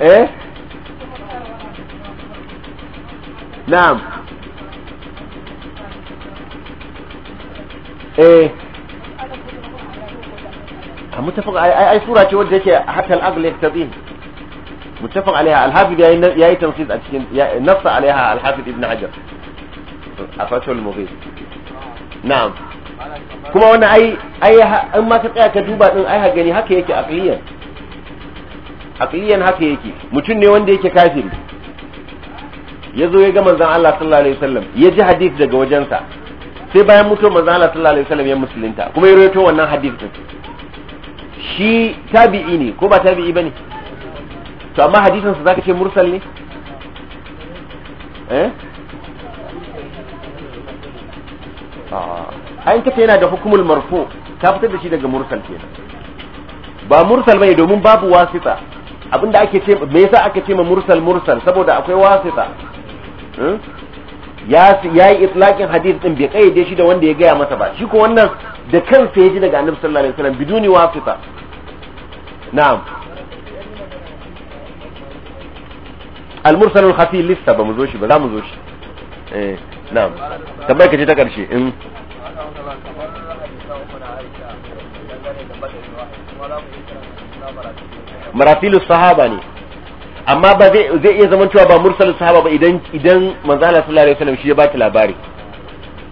eh na'am eh a mutafin ai sura ce wadda yake hatal aqli yaktadin mutafin alaiha al-hafiz yayi yayi tansis a cikin nafsa alaiha al-hafiz ibn hajar a fatul mughis na'am kuma wannan ai ai an ma ka tsaya ka duba din ai gani haka yake aqliyan aqliyan haka yake mutum ne wanda yake kafiri ya zo ya ga manzon Allah sallallahu alaihi wasallam ya ji hadith daga wajensa sai bayan mutuwar manzon Allah sallallahu alaihi wasallam ya musulunta kuma ya rawaito wannan hadith din shi tabi'i ne ko ba tabi'i bane to amma hadisin sa zaka ce mursal ne eh an kace yana da hukumul marfu ka fitar da shi daga mursal kenan ba mursal bane domin babu wasita abinda ake ce me yasa ake ce ma mursal mursal saboda akwai wasita hmm? ya yi itlaqin hadith din bai da shi da wanda ya gaya masa ba shi ko wannan da kansa ya ji daga annabi sallallahu alaihi wasallam biduni wasita na'am al-mursal al-khafi lissa ba mu zo shi ba za mu zo shi eh na'am tabbai ka ce ta karshe in maratilu sahaba ne amma ba zai zai iya zaman cewa ba mursal sahaba ba idan idan manzo Allah sallallahu alaihi wasallam shi ya bata labari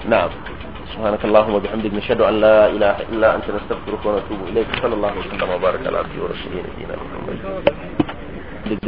na'am سبحانك اللهم وبحمدك نشهد ان لا اله الا انت نستغفرك ونتوب اليك صلى الله وسلم وبارك على عبده ورسوله نبينا محمد